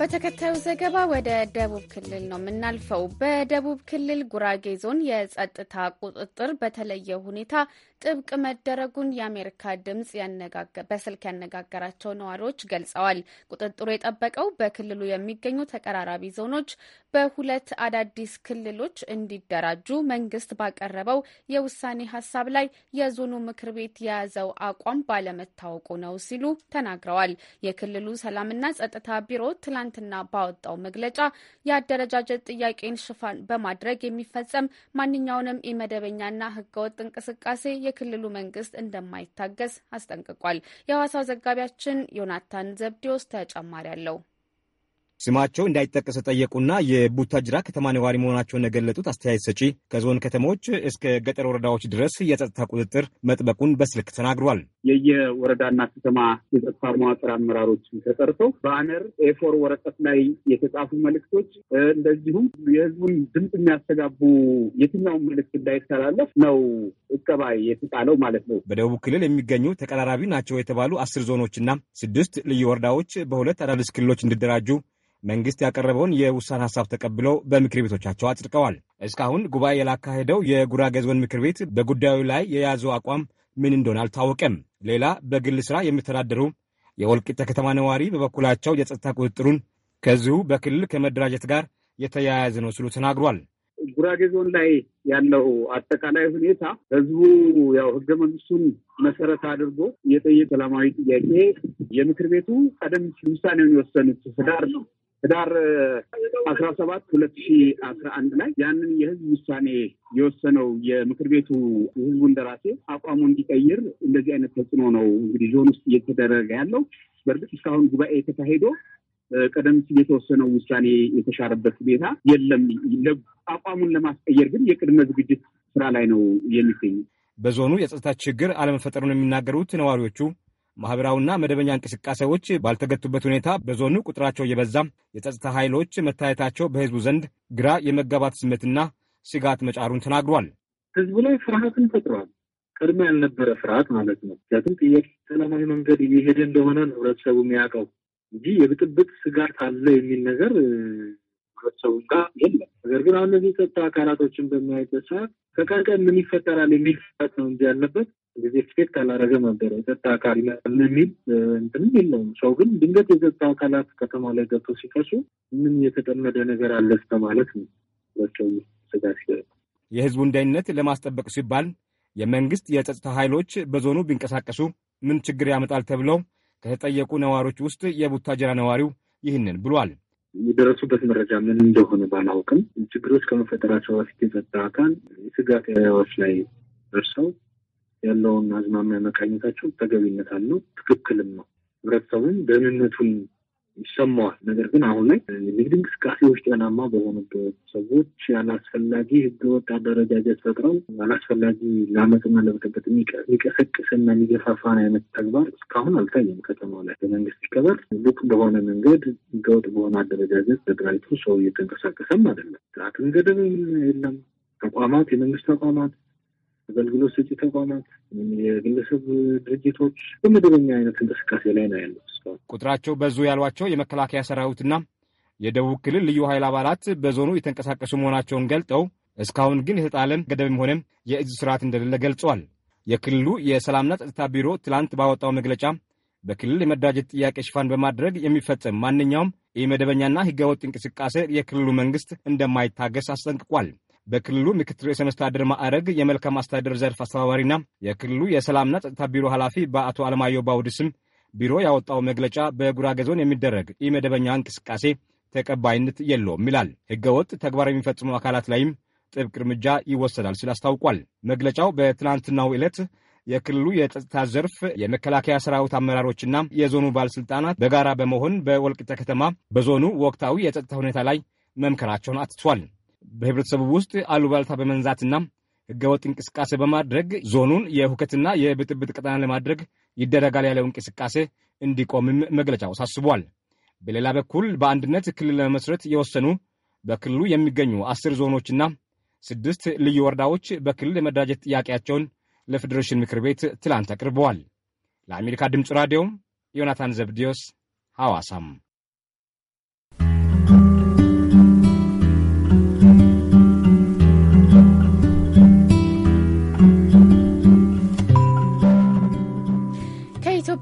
በተከታዩ ዘገባ ወደ ደቡብ ክልል ነው የምናልፈው። በደቡብ ክልል ጉራጌ ዞን የጸጥታ ቁጥጥር በተለየ ሁኔታ ጥብቅ መደረጉን የአሜሪካ ድምጽ በስልክ ያነጋገራቸው ነዋሪዎች ገልጸዋል። ቁጥጥሩ የጠበቀው በክልሉ የሚገኙ ተቀራራቢ ዞኖች በሁለት አዳዲስ ክልሎች እንዲደራጁ መንግስት ባቀረበው የውሳኔ ሀሳብ ላይ የዞኑ ምክር ቤት የያዘው አቋም ባለመታወቁ ነው ሲሉ ተናግረዋል። የክልሉ ሰላምና ጸጥታ ቢሮ ትላንትና ባወጣው መግለጫ የአደረጃጀት ጥያቄን ሽፋን በማድረግ የሚፈጸም ማንኛውንም ኢመደበኛና ህገወጥ እንቅስቃሴ የክልሉ መንግስት እንደማይታገስ አስጠንቅቋል። የሐዋሳው ዘጋቢያችን ዮናታን ዘብዴዎስ ተጨማሪ አለው። ስማቸው እንዳይጠቀስ ጠየቁና የቡታጅራ ከተማ ነዋሪ መሆናቸውን የገለጡት አስተያየት ሰጪ ከዞን ከተሞች እስከ ገጠር ወረዳዎች ድረስ የጸጥታ ቁጥጥር መጥበቁን በስልክ ተናግሯል። የየወረዳና ከተማ የጸጥታ መዋቅር አመራሮች ተጠርተው ባነር ኤፎር ወረቀት ላይ የተጻፉ መልእክቶች፣ እንደዚሁም የህዝቡን ድምፅ የሚያስተጋቡ የትኛውን መልእክት እንዳይተላለፍ ነው እቀባ የተጣለው ማለት ነው። በደቡብ ክልል የሚገኙ ተቀራራቢ ናቸው የተባሉ አስር ዞኖችና ስድስት ልዩ ወረዳዎች በሁለት አዳዲስ ክልሎች እንዲደራጁ መንግስት ያቀረበውን የውሳኔ ሀሳብ ተቀብለው በምክር ቤቶቻቸው አጽድቀዋል። እስካሁን ጉባኤ ያላካሄደው የጉራጌ ዞን ምክር ቤት በጉዳዩ ላይ የያዘው አቋም ምን እንደሆነ አልታወቀም። ሌላ በግል ስራ የሚተዳደሩ የወልቂጤ ከተማ ነዋሪ በበኩላቸው የጸጥታ ቁጥጥሩን ከዚሁ በክልል ከመደራጀት ጋር የተያያዘ ነው ሲሉ ተናግሯል። ጉራጌ ዞን ላይ ያለው አጠቃላይ ሁኔታ ህዝቡ ያው ህገ መንግስቱን መሰረት አድርጎ የጠየቀ ሰላማዊ ጥያቄ የምክር ቤቱ ቀደም ሲል ውሳኔውን የወሰኑት ህዳር ህዳር አስራ ሰባት ሁለት ሺ አስራ አንድ ላይ ያንን የህዝብ ውሳኔ የወሰነው የምክር ቤቱ ህዝቡ እንደራሴ አቋሙ እንዲቀይር እንደዚህ አይነት ተጽዕኖ ነው እንግዲህ ዞን ውስጥ እየተደረገ ያለው። በእርግጥ እስካሁን ጉባኤ ተካሂዶ ቀደም ሲል የተወሰነው ውሳኔ የተሻረበት ሁኔታ የለም። አቋሙን ለማስቀየር ግን የቅድመ ዝግጅት ስራ ላይ ነው የሚገኙ። በዞኑ የጸጥታ ችግር አለመፈጠሩን የሚናገሩት ነዋሪዎቹ ማህበራዊና መደበኛ እንቅስቃሴዎች ባልተገቱበት ሁኔታ በዞኑ ቁጥራቸው እየበዛ የጸጥታ ኃይሎች መታየታቸው በህዝቡ ዘንድ ግራ የመጋባት ስሜትና ስጋት መጫሩን ተናግሯል። ህዝቡ ላይ ፍርሃትን ፈጥሯል። ቅድመ ያልነበረ ፍርሃት ማለት ነው። ምክንያቱም ጥያቄ ሰላማዊ መንገድ እየሄደ እንደሆነ ነው ህብረተሰቡ የሚያውቀው እንጂ የብጥብጥ ስጋት አለ የሚል ነገር ህብረተሰቡ ጋር የለም። ነገር ግን አሁን እነዚህ ጸጥታ አካላቶችን በሚያይበት ሰዓት ከቀን ቀን ምን ይፈጠራል የሚል ስጋት ነው እንጂ ያለበት እንግዲህ ኤክስፔክት አላደረገም ነበረ የጸጥታ አካል ይመጣል የሚል እንትንም የለውም። ሰው ግን ድንገት የጸጥታ አካላት ከተማ ላይ ገብቶ ሲከሱ ምን የተጠመደ ነገር አለ እስከማለት ነው። ናቸው ስጋ የህዝቡን ደህንነት ለማስጠበቅ ሲባል የመንግስት የጸጥታ ኃይሎች በዞኑ ቢንቀሳቀሱ ምን ችግር ያመጣል ተብለው ከተጠየቁ ነዋሪዎች ውስጥ የቡታጀራ ነዋሪው ይህንን ብሏል። የደረሱበት መረጃ ምን እንደሆነ ባላውቅም ችግሮች ከመፈጠራቸው በፊት የጸጥታ አካል ስጋት ላይ ደርሰው ያለውን አዝማሚያ መቃኘታቸው ተገቢነት አለው፣ ትክክልም ነው። ህብረተሰቡም ደህንነቱን ይሰማዋል። ነገር ግን አሁን ላይ የንግድ እንቅስቃሴዎች ጤናማ በሆኑበት ሰዎች ያላስፈላጊ ህገወጥ አደረጃጀት ፈጥረው ያላስፈላጊ ለአመፅና ለብጥብጥ የሚቀሰቅስና የሚገፋፋን አይነት ተግባር እስካሁን አልታየም። ከተማው ላይ በመንግስት ሲቀበር ልቅ በሆነ መንገድ ህገወጥ በሆነ አደረጃጀት ተደራጅቶ ሰው እየተንቀሳቀሰም አይደለም። ስርዓትን ገደብ የለም። ተቋማት የመንግስት ተቋማት አገልግሎት ሰጪ ተቋማት፣ የግለሰብ ድርጅቶች በመደበኛ አይነት እንቅስቃሴ ላይ ነው ያለው። እስካሁን ቁጥራቸው በዙ ያሏቸው የመከላከያ ሰራዊትና የደቡብ ክልል ልዩ ኃይል አባላት በዞኑ የተንቀሳቀሱ መሆናቸውን ገልጠው እስካሁን ግን የተጣለ ገደብም ሆነ የእዝ ስርዓት እንደሌለ ገልጿል። የክልሉ የሰላምና ጸጥታ ቢሮ ትላንት ባወጣው መግለጫ በክልል የመደራጀት ጥያቄ ሽፋን በማድረግ የሚፈጸም ማንኛውም የመደበኛና ህገወጥ እንቅስቃሴ የክልሉ መንግስት እንደማይታገስ አስጠንቅቋል። በክልሉ ምክትል ርዕሰ መስተዳድር ማዕረግ የመልካም አስተዳደር ዘርፍ አስተባባሪና የክልሉ የሰላምና ጸጥታ ቢሮ ኃላፊ በአቶ አለማየሁ ባውድ ስም ቢሮ ያወጣው መግለጫ በጉራጌ ዞን የሚደረግ ኢመደበኛ እንቅስቃሴ ተቀባይነት የለውም ይላል። ህገወጥ ተግባር የሚፈጽሙ አካላት ላይም ጥብቅ እርምጃ ይወሰዳል ሲል አስታውቋል። መግለጫው በትናንትናው ዕለት የክልሉ የጸጥታ ዘርፍ የመከላከያ ሰራዊት አመራሮችና የዞኑ ባለስልጣናት በጋራ በመሆን በወልቂጤ ከተማ በዞኑ ወቅታዊ የጸጥታ ሁኔታ ላይ መምከራቸውን አትቷል። በህብረተሰቡ ውስጥ አሉባልታ በመንዛትና ህገወጥ እንቅስቃሴ በማድረግ ዞኑን የሁከትና የብጥብጥ ቀጠና ለማድረግ ይደረጋል ያለው እንቅስቃሴ እንዲቆምም መግለጫው አሳስቧል። በሌላ በኩል በአንድነት ክልል ለመመስረት የወሰኑ በክልሉ የሚገኙ አስር ዞኖችና ስድስት ልዩ ወረዳዎች በክልል የመደራጀት ጥያቄያቸውን ለፌዴሬሽን ምክር ቤት ትላንት አቅርበዋል። ለአሜሪካ ድምፅ ራዲዮ ዮናታን ዘብዲዮስ ሐዋሳም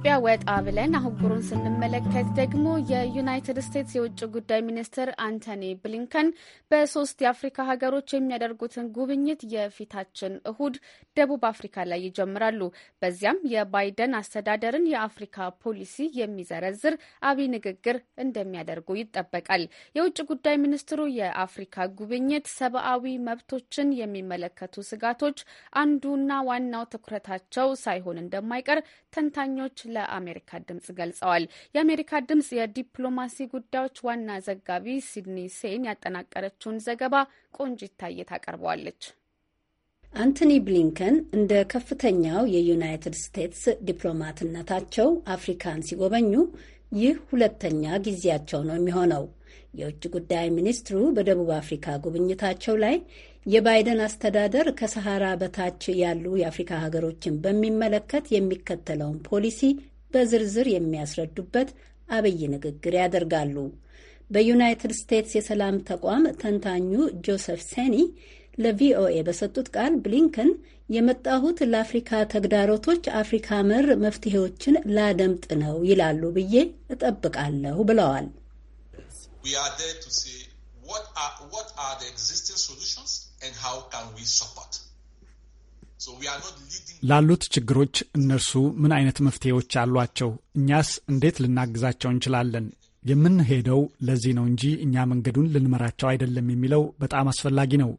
ከኢትዮጵያ ወጣ ብለን አህጉሩን ስንመለከት ደግሞ የዩናይትድ ስቴትስ የውጭ ጉዳይ ሚኒስትር አንቶኒ ብሊንከን በሶስት የአፍሪካ ሀገሮች የሚያደርጉትን ጉብኝት የፊታችን እሁድ ደቡብ አፍሪካ ላይ ይጀምራሉ። በዚያም የባይደን አስተዳደርን የአፍሪካ ፖሊሲ የሚዘረዝር አብይ ንግግር እንደሚያደርጉ ይጠበቃል። የውጭ ጉዳይ ሚኒስትሩ የአፍሪካ ጉብኝት ሰብአዊ መብቶችን የሚመለከቱ ስጋቶች አንዱና ዋናው ትኩረታቸው ሳይሆን እንደማይቀር ተንታኞች ለአሜሪካ ድምጽ ገልጸዋል። የአሜሪካ ድምጽ የዲፕሎማሲ ጉዳዮች ዋና ዘጋቢ ሲድኒ ሴን ያጠናቀረችውን ዘገባ ቆንጂት ታዬ ታቀርበዋለች። አንቶኒ ብሊንከን እንደ ከፍተኛው የዩናይትድ ስቴትስ ዲፕሎማትነታቸው አፍሪካን ሲጎበኙ ይህ ሁለተኛ ጊዜያቸው ነው የሚሆነው። የውጭ ጉዳይ ሚኒስትሩ በደቡብ አፍሪካ ጉብኝታቸው ላይ የባይደን አስተዳደር ከሰሃራ በታች ያሉ የአፍሪካ ሀገሮችን በሚመለከት የሚከተለውን ፖሊሲ በዝርዝር የሚያስረዱበት አብይ ንግግር ያደርጋሉ። በዩናይትድ ስቴትስ የሰላም ተቋም ተንታኙ ጆሰፍ ሴኒ ለቪኦኤ በሰጡት ቃል ብሊንከን የመጣሁት ለአፍሪካ ተግዳሮቶች አፍሪካ መር መፍትሄዎችን ላደምጥ ነው ይላሉ ብዬ እጠብቃለሁ ብለዋል። what are what are the existing solutions and how can we support? ላሉት ችግሮች እነርሱ ምን አይነት መፍትሄዎች አሏቸው? እኛስ እንዴት ልናግዛቸው እንችላለን? የምንሄደው ለዚህ ነው እንጂ እኛ መንገዱን ልንመራቸው አይደለም የሚለው በጣም አስፈላጊ ነው።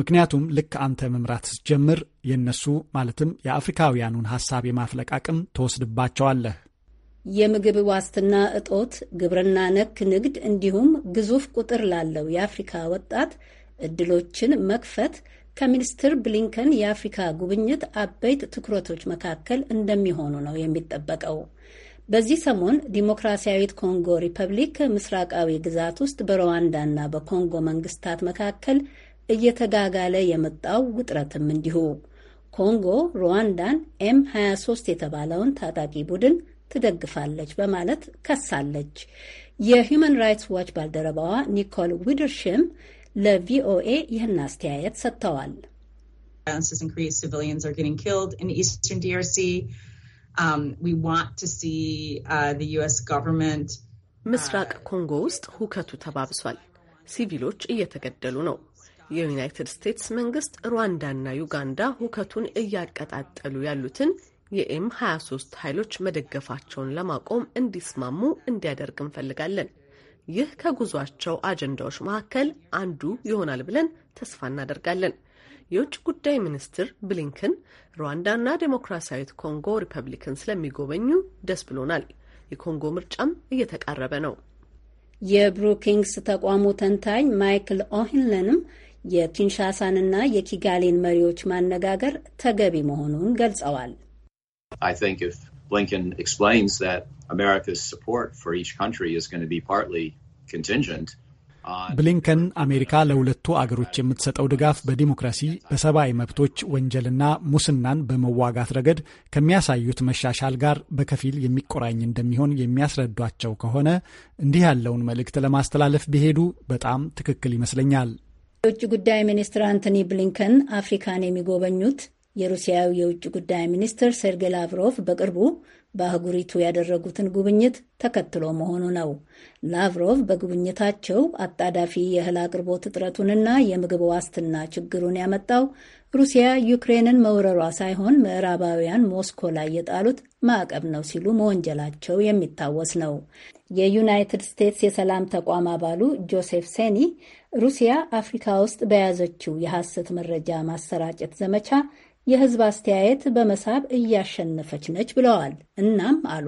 ምክንያቱም ልክ አንተ መምራት ስትጀምር የእነሱ ማለትም የአፍሪካውያኑን ሀሳብ የማፍለቅ አቅም ትወስድባቸዋለህ። የምግብ ዋስትና እጦት፣ ግብርና ነክ ንግድ እንዲሁም ግዙፍ ቁጥር ላለው የአፍሪካ ወጣት እድሎችን መክፈት ከሚኒስትር ብሊንከን የአፍሪካ ጉብኝት አበይት ትኩረቶች መካከል እንደሚሆኑ ነው የሚጠበቀው። በዚህ ሰሞን ዲሞክራሲያዊት ኮንጎ ሪፐብሊክ ምስራቃዊ ግዛት ውስጥ በሩዋንዳና በኮንጎ መንግስታት መካከል እየተጋጋለ የመጣው ውጥረትም እንዲሁ ኮንጎ ሩዋንዳን ኤም 23 የተባለውን ታጣቂ ቡድን ትደግፋለች በማለት ከሳለች። የሁማን ራይትስ ዋች ባልደረባዋ ኒኮል ዊደርሽም ለቪኦኤ ይህን አስተያየት ሰጥተዋል። um, uh, uh, ምስራቅ ኮንጎ ውስጥ ሁከቱ ተባብሷል። ሲቪሎች እየተገደሉ ነው። የዩናይትድ ስቴትስ መንግስት ሩዋንዳና ዩጋንዳ ሁከቱን እያቀጣጠሉ ያሉትን የኤም 23 ኃይሎች መደገፋቸውን ለማቆም እንዲስማሙ እንዲያደርግ እንፈልጋለን። ይህ ከጉዟቸው አጀንዳዎች መካከል አንዱ ይሆናል ብለን ተስፋ እናደርጋለን። የውጭ ጉዳይ ሚኒስትር ብሊንከን ሩዋንዳና ዴሞክራሲያዊት ኮንጎ ሪፐብሊክን ስለሚጎበኙ ደስ ብሎናል። የኮንጎ ምርጫም እየተቃረበ ነው። የብሩኪንግስ ተቋሙ ተንታኝ ማይክል ኦሂንለንም የኪንሻሳንና የኪጋሌን መሪዎች ማነጋገር ተገቢ መሆኑን ገልጸዋል። I think if Blinken explains that America's support for each country is going to be partly contingent ብሊንከን አሜሪካ ለሁለቱ አገሮች የምትሰጠው ድጋፍ በዲሞክራሲ በሰብአዊ መብቶች ወንጀልና ሙስናን በመዋጋት ረገድ ከሚያሳዩት መሻሻል ጋር በከፊል የሚቆራኝ እንደሚሆን የሚያስረዷቸው ከሆነ እንዲህ ያለውን መልእክት ለማስተላለፍ ቢሄዱ በጣም ትክክል ይመስለኛል። የውጭ ጉዳይ ሚኒስትር አንቶኒ ብሊንከን አፍሪካን የሚጎበኙት የሩሲያው የውጭ ጉዳይ ሚኒስትር ሰርጌ ላቭሮቭ በቅርቡ በአህጉሪቱ ያደረጉትን ጉብኝት ተከትሎ መሆኑ ነው። ላቭሮቭ በጉብኝታቸው አጣዳፊ የእህል አቅርቦት እጥረቱንና የምግብ ዋስትና ችግሩን ያመጣው ሩሲያ ዩክሬንን መውረሯ ሳይሆን ምዕራባውያን ሞስኮ ላይ የጣሉት ማዕቀብ ነው ሲሉ መወንጀላቸው የሚታወስ ነው። የዩናይትድ ስቴትስ የሰላም ተቋም አባሉ ጆሴፍ ሴኒ ሩሲያ አፍሪካ ውስጥ በያዘችው የሐሰት መረጃ ማሰራጨት ዘመቻ የህዝብ አስተያየት በመሳብ እያሸነፈች ነች ብለዋል። እናም አሉ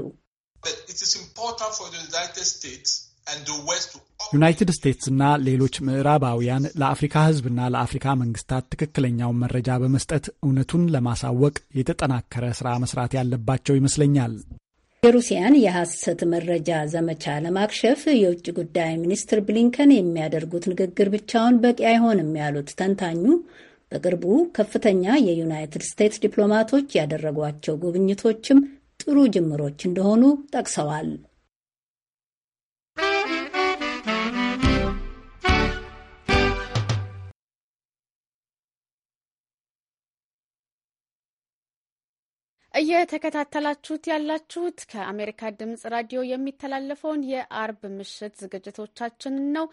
ዩናይትድ እና ሌሎች ምዕራባውያን ለአፍሪካ ህዝብና ለአፍሪካ መንግስታት ትክክለኛውን መረጃ በመስጠት እውነቱን ለማሳወቅ የተጠናከረ ስራ መስራት ያለባቸው ይመስለኛል። የሩሲያን የሐሰት መረጃ ዘመቻ ለማክሸፍ የውጭ ጉዳይ ሚኒስትር ብሊንከን የሚያደርጉት ንግግር ብቻውን በቂ አይሆንም ያሉት ተንታኙ በቅርቡ ከፍተኛ የዩናይትድ ስቴትስ ዲፕሎማቶች ያደረጓቸው ጉብኝቶችም ጥሩ ጅምሮች እንደሆኑ ጠቅሰዋል። እየተከታተላችሁት ያላችሁት ከአሜሪካ ድምጽ ራዲዮ የሚተላለፈውን የአርብ ምሽት ዝግጅቶቻችንን ነው።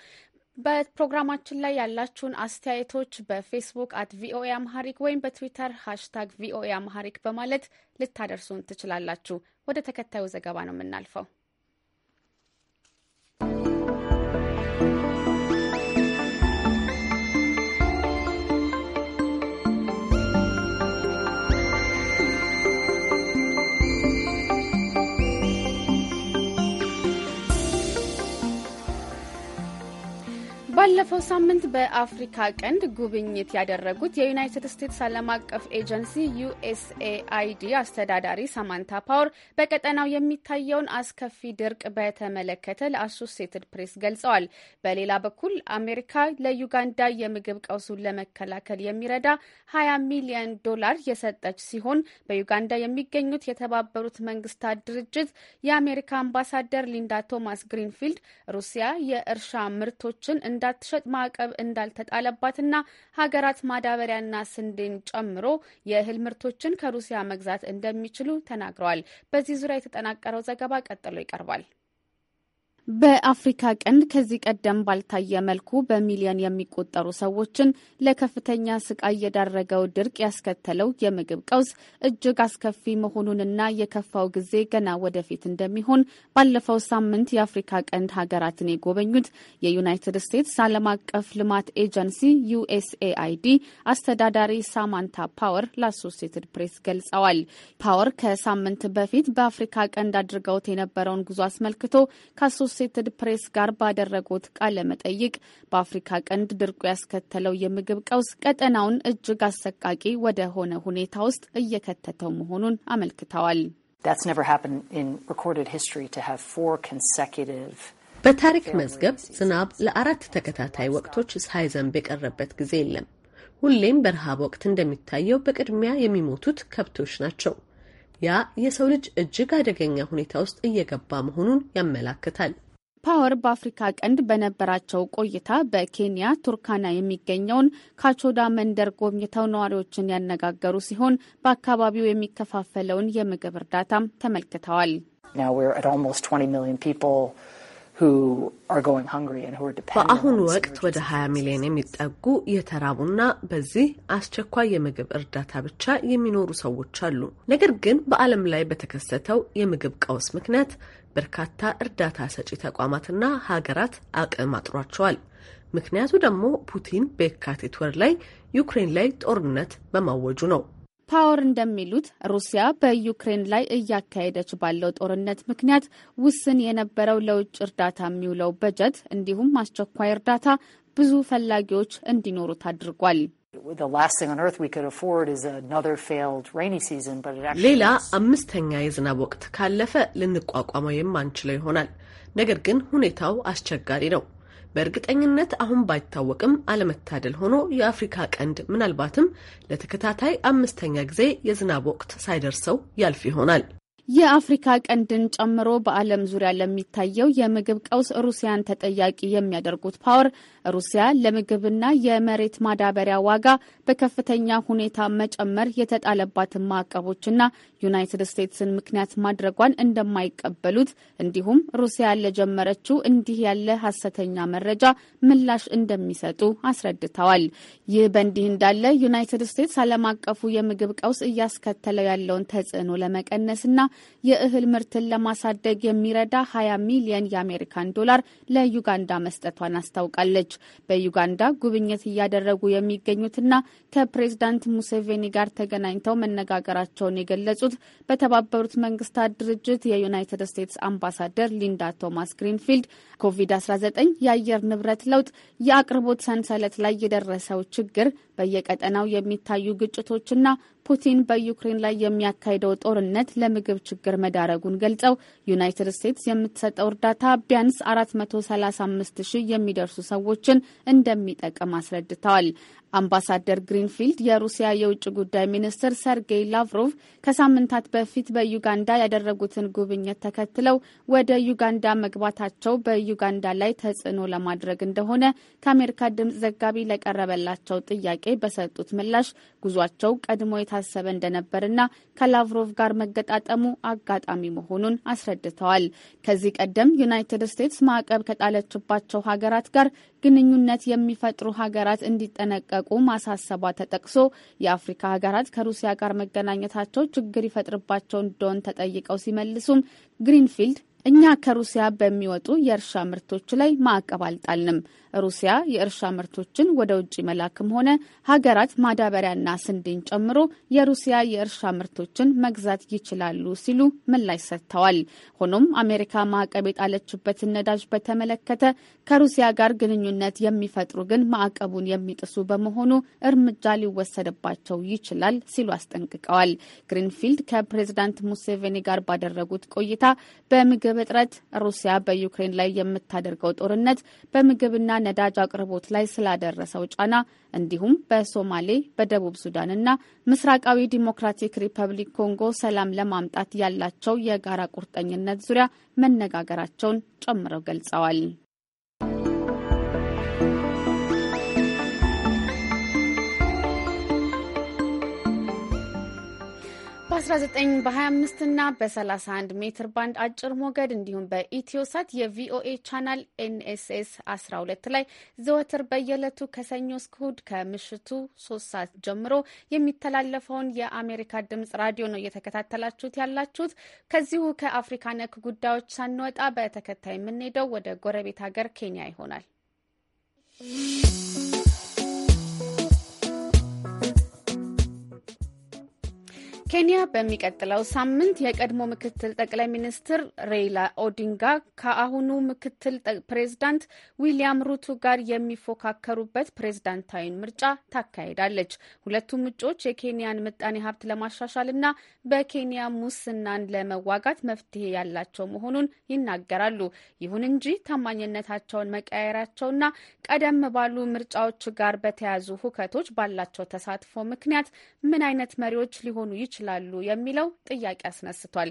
በፕሮግራማችን ላይ ያላችሁን አስተያየቶች በፌስቡክ አት ቪኦኤ አምሃሪክ ወይም በትዊተር ሃሽታግ ቪኦኤ አምሃሪክ በማለት ልታደርሱን ትችላላችሁ። ወደ ተከታዩ ዘገባ ነው የምናልፈው። ባለፈው ሳምንት በአፍሪካ ቀንድ ጉብኝት ያደረጉት የዩናይትድ ስቴትስ ዓለም አቀፍ ኤጀንሲ ዩኤስኤአይዲ አስተዳዳሪ ሳማንታ ፓወር በቀጠናው የሚታየውን አስከፊ ድርቅ በተመለከተ ለአሶሴትድ ፕሬስ ገልጸዋል። በሌላ በኩል አሜሪካ ለዩጋንዳ የምግብ ቀውሱን ለመከላከል የሚረዳ 20 ሚሊዮን ዶላር የሰጠች ሲሆን በዩጋንዳ የሚገኙት የተባበሩት መንግስታት ድርጅት የአሜሪካ አምባሳደር ሊንዳ ቶማስ ግሪንፊልድ ሩሲያ የእርሻ ምርቶችን እንዳ እንዳትሸጥ ማዕቀብ እንዳልተጣለባትና ሀገራት ማዳበሪያና ስንዴን ጨምሮ የእህል ምርቶችን ከሩሲያ መግዛት እንደሚችሉ ተናግረዋል። በዚህ ዙሪያ የተጠናቀረው ዘገባ ቀጥሎ ይቀርባል። በአፍሪካ ቀንድ ከዚህ ቀደም ባልታየ መልኩ በሚሊዮን የሚቆጠሩ ሰዎችን ለከፍተኛ ስቃይ የዳረገው ድርቅ ያስከተለው የምግብ ቀውስ እጅግ አስከፊ መሆኑንና የከፋው ጊዜ ገና ወደፊት እንደሚሆን ባለፈው ሳምንት የአፍሪካ ቀንድ ሀገራትን የጎበኙት የዩናይትድ ስቴትስ ዓለም አቀፍ ልማት ኤጀንሲ ዩኤስኤአይዲ አስተዳዳሪ ሳማንታ ፓወር ለአሶሴትድ ፕሬስ ገልጸዋል። ፓወር ከሳምንት በፊት በአፍሪካ ቀንድ አድርገውት የነበረውን ጉዞ አስመልክቶ አሶሴትድ ፕሬስ ጋር ባደረጉት ቃለ መጠይቅ በአፍሪካ ቀንድ ድርቁ ያስከተለው የምግብ ቀውስ ቀጠናውን እጅግ አሰቃቂ ወደ ሆነ ሁኔታ ውስጥ እየከተተው መሆኑን አመልክተዋል። በታሪክ መዝገብ ዝናብ ለአራት ተከታታይ ወቅቶች ሳይዘንብ የቀረበት ጊዜ የለም። ሁሌም በረሃብ ወቅት እንደሚታየው በቅድሚያ የሚሞቱት ከብቶች ናቸው። ያ የሰው ልጅ እጅግ አደገኛ ሁኔታ ውስጥ እየገባ መሆኑን ያመላክታል። ፓወር በአፍሪካ ቀንድ በነበራቸው ቆይታ በኬንያ ቱርካና የሚገኘውን ካቾዳ መንደር ጎብኝተው ነዋሪዎችን ያነጋገሩ ሲሆን በአካባቢው የሚከፋፈለውን የምግብ እርዳታም ተመልክተዋል። በአሁኑ ወቅት ወደ 20 ሚሊዮን የሚጠጉ የተራቡና በዚህ አስቸኳይ የምግብ እርዳታ ብቻ የሚኖሩ ሰዎች አሉ። ነገር ግን በዓለም ላይ በተከሰተው የምግብ ቀውስ ምክንያት በርካታ እርዳታ ሰጪ ተቋማትና ሀገራት አቅም አጥሯቸዋል። ምክንያቱ ደግሞ ፑቲን በየካቲት ወር ላይ ዩክሬን ላይ ጦርነት በማወጁ ነው። ፓወር እንደሚሉት ሩሲያ በዩክሬን ላይ እያካሄደች ባለው ጦርነት ምክንያት ውስን የነበረው ለውጭ እርዳታ የሚውለው በጀት እንዲሁም አስቸኳይ እርዳታ ብዙ ፈላጊዎች እንዲኖሩት አድርጓል። ሌላ አምስተኛ የዝናብ ወቅት ካለፈ ልንቋቋመው የማንችለው ይሆናል። ነገር ግን ሁኔታው አስቸጋሪ ነው። በእርግጠኝነት አሁን ባይታወቅም አለመታደል ሆኖ የአፍሪካ ቀንድ ምናልባትም ለተከታታይ አምስተኛ ጊዜ የዝናብ ወቅት ሳይደርሰው ያልፍ ይሆናል። የአፍሪካ ቀንድን ጨምሮ በዓለም ዙሪያ ለሚታየው የምግብ ቀውስ ሩሲያን ተጠያቂ የሚያደርጉት ፓወር ሩሲያ ለምግብና የመሬት ማዳበሪያ ዋጋ በከፍተኛ ሁኔታ መጨመር የተጣለባትን ማዕቀቦችና ዩናይትድ ስቴትስን ምክንያት ማድረጓን እንደማይቀበሉት እንዲሁም ሩሲያ ለጀመረችው እንዲህ ያለ ሀሰተኛ መረጃ ምላሽ እንደሚሰጡ አስረድተዋል። ይህ በእንዲህ እንዳለ ዩናይትድ ስቴትስ ዓለም አቀፉ የምግብ ቀውስ እያስከተለው ያለውን ተጽዕኖ ለመቀነስና የእህል ምርትን ለማሳደግ የሚረዳ 20 ሚሊየን የአሜሪካን ዶላር ለዩጋንዳ መስጠቷን አስታውቃለች። በዩጋንዳ ጉብኝት እያደረጉ የሚገኙትና ከፕሬዝዳንት ሙሴቬኒ ጋር ተገናኝተው መነጋገራቸውን የገለጹት በተባበሩት መንግስታት ድርጅት የዩናይትድ ስቴትስ አምባሳደር ሊንዳ ቶማስ ግሪንፊልድ ኮቪድ-19 የአየር ንብረት ለውጥ የአቅርቦት ሰንሰለት ላይ የደረሰው ችግር በየቀጠናው የሚታዩ ግጭቶችና ፑቲን በዩክሬን ላይ የሚያካሂደው ጦርነት ለምግብ ችግር መዳረጉን ገልጸው ዩናይትድ ስቴትስ የምትሰጠው እርዳታ ቢያንስ 435 ሺህ የሚደርሱ ሰዎችን እንደሚጠቅም አስረድተዋል። አምባሳደር ግሪንፊልድ የሩሲያ የውጭ ጉዳይ ሚኒስትር ሰርጌይ ላቭሮቭ ከሳምንታት በፊት በዩጋንዳ ያደረጉትን ጉብኝት ተከትለው ወደ ዩጋንዳ መግባታቸው በዩጋንዳ ላይ ተጽዕኖ ለማድረግ እንደሆነ ከአሜሪካ ድምጽ ዘጋቢ ለቀረበላቸው ጥያቄ ጥያቄ በሰጡት ምላሽ ጉዟቸው ቀድሞ የታሰበ እንደነበርና ከላቭሮቭ ጋር መገጣጠሙ አጋጣሚ መሆኑን አስረድተዋል። ከዚህ ቀደም ዩናይትድ ስቴትስ ማዕቀብ ከጣለችባቸው ሀገራት ጋር ግንኙነት የሚፈጥሩ ሀገራት እንዲጠነቀቁ ማሳሰቧ ተጠቅሶ የአፍሪካ ሀገራት ከሩሲያ ጋር መገናኘታቸው ችግር ይፈጥርባቸው እንደሆን ተጠይቀው ሲመልሱም ግሪንፊልድ እኛ ከሩሲያ በሚወጡ የእርሻ ምርቶች ላይ ማዕቀብ አልጣልንም። ሩሲያ የእርሻ ምርቶችን ወደ ውጭ መላክም ሆነ ሀገራት ማዳበሪያና ስንዴን ጨምሮ የሩሲያ የእርሻ ምርቶችን መግዛት ይችላሉ ሲሉ ምላሽ ሰጥተዋል። ሆኖም አሜሪካ ማዕቀብ የጣለችበትን ነዳጅ በተመለከተ ከሩሲያ ጋር ግንኙነት የሚፈጥሩ ግን ማዕቀቡን የሚጥሱ በመሆኑ እርምጃ ሊወሰድባቸው ይችላል ሲሉ አስጠንቅቀዋል። ግሪንፊልድ ከፕሬዚዳንት ሙሴቬኒ ጋር ባደረጉት ቆይታ በምግብ የምግብ እጥረት፣ ሩሲያ በዩክሬን ላይ የምታደርገው ጦርነት በምግብና ነዳጅ አቅርቦት ላይ ስላደረሰው ጫና እንዲሁም በሶማሌ በደቡብ ሱዳን እና ምስራቃዊ ዲሞክራቲክ ሪፐብሊክ ኮንጎ ሰላም ለማምጣት ያላቸው የጋራ ቁርጠኝነት ዙሪያ መነጋገራቸውን ጨምረው ገልጸዋል። በ19 በ25 እና በ31 ሜትር ባንድ አጭር ሞገድ እንዲሁም በኢትዮሳት የቪኦኤ ቻናል ኤንኤስኤስ 12 ላይ ዘወትር በየዕለቱ ከሰኞ እስከ እሁድ ከምሽቱ 3 ሰዓት ጀምሮ የሚተላለፈውን የአሜሪካ ድምጽ ራዲዮ ነው እየተከታተላችሁት ያላችሁት። ከዚሁ ከአፍሪካ ነክ ጉዳዮች ሳንወጣ በተከታይ የምንሄደው ወደ ጎረቤት ሀገር ኬንያ ይሆናል። ኬንያ በሚቀጥለው ሳምንት የቀድሞ ምክትል ጠቅላይ ሚኒስትር ሬይላ ኦዲንጋ ከአሁኑ ምክትል ፕሬዝዳንት ዊሊያም ሩቱ ጋር የሚፎካከሩበት ፕሬዝዳንታዊ ምርጫ ታካሂዳለች። ሁለቱም እጩዎች የኬንያን ምጣኔ ሀብት ለማሻሻል እና በኬንያ ሙስናን ለመዋጋት መፍትሄ ያላቸው መሆኑን ይናገራሉ። ይሁን እንጂ ታማኝነታቸውን መቀያየራቸውና ቀደም ባሉ ምርጫዎች ጋር በተያዙ ሁከቶች ባላቸው ተሳትፎ ምክንያት ምን አይነት መሪዎች ሊሆኑ ይችላል ይችላሉ የሚለው ጥያቄ አስነስቷል።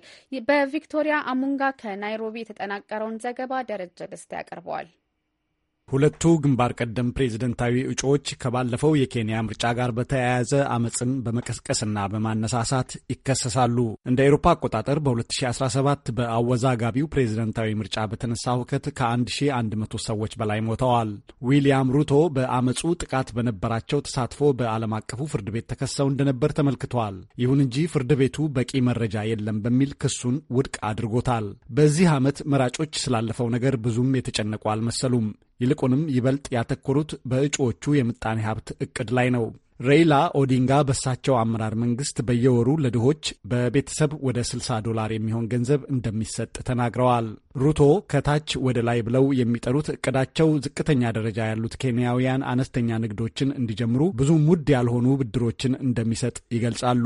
በቪክቶሪያ አሙንጋ ከናይሮቢ የተጠናቀረውን ዘገባ ደረጀ ደስታ ያቀርበዋል። ሁለቱ ግንባር ቀደም ፕሬዝደንታዊ እጩዎች ከባለፈው የኬንያ ምርጫ ጋር በተያያዘ አመፅን በመቀስቀስና በማነሳሳት ይከሰሳሉ። እንደ አውሮፓ አቆጣጠር በ2017 በአወዛጋቢው ፕሬዝደንታዊ ምርጫ በተነሳ ሁከት ከ1100 ሰዎች በላይ ሞተዋል። ዊልያም ሩቶ በአመፁ ጥቃት በነበራቸው ተሳትፎ በዓለም አቀፉ ፍርድ ቤት ተከሰው እንደነበር ተመልክተዋል። ይሁን እንጂ ፍርድ ቤቱ በቂ መረጃ የለም በሚል ክሱን ውድቅ አድርጎታል። በዚህ ዓመት መራጮች ስላለፈው ነገር ብዙም የተጨነቁ አልመሰሉም። ይልቁንም ይበልጥ ያተኮሩት በእጩዎቹ የምጣኔ ሀብት እቅድ ላይ ነው። ሬይላ ኦዲንጋ በሳቸው አመራር መንግስት በየወሩ ለድሆች በቤተሰብ ወደ 60 ዶላር የሚሆን ገንዘብ እንደሚሰጥ ተናግረዋል። ሩቶ ከታች ወደ ላይ ብለው የሚጠሩት እቅዳቸው ዝቅተኛ ደረጃ ያሉት ኬንያውያን አነስተኛ ንግዶችን እንዲጀምሩ ብዙ ውድ ያልሆኑ ብድሮችን እንደሚሰጥ ይገልጻሉ።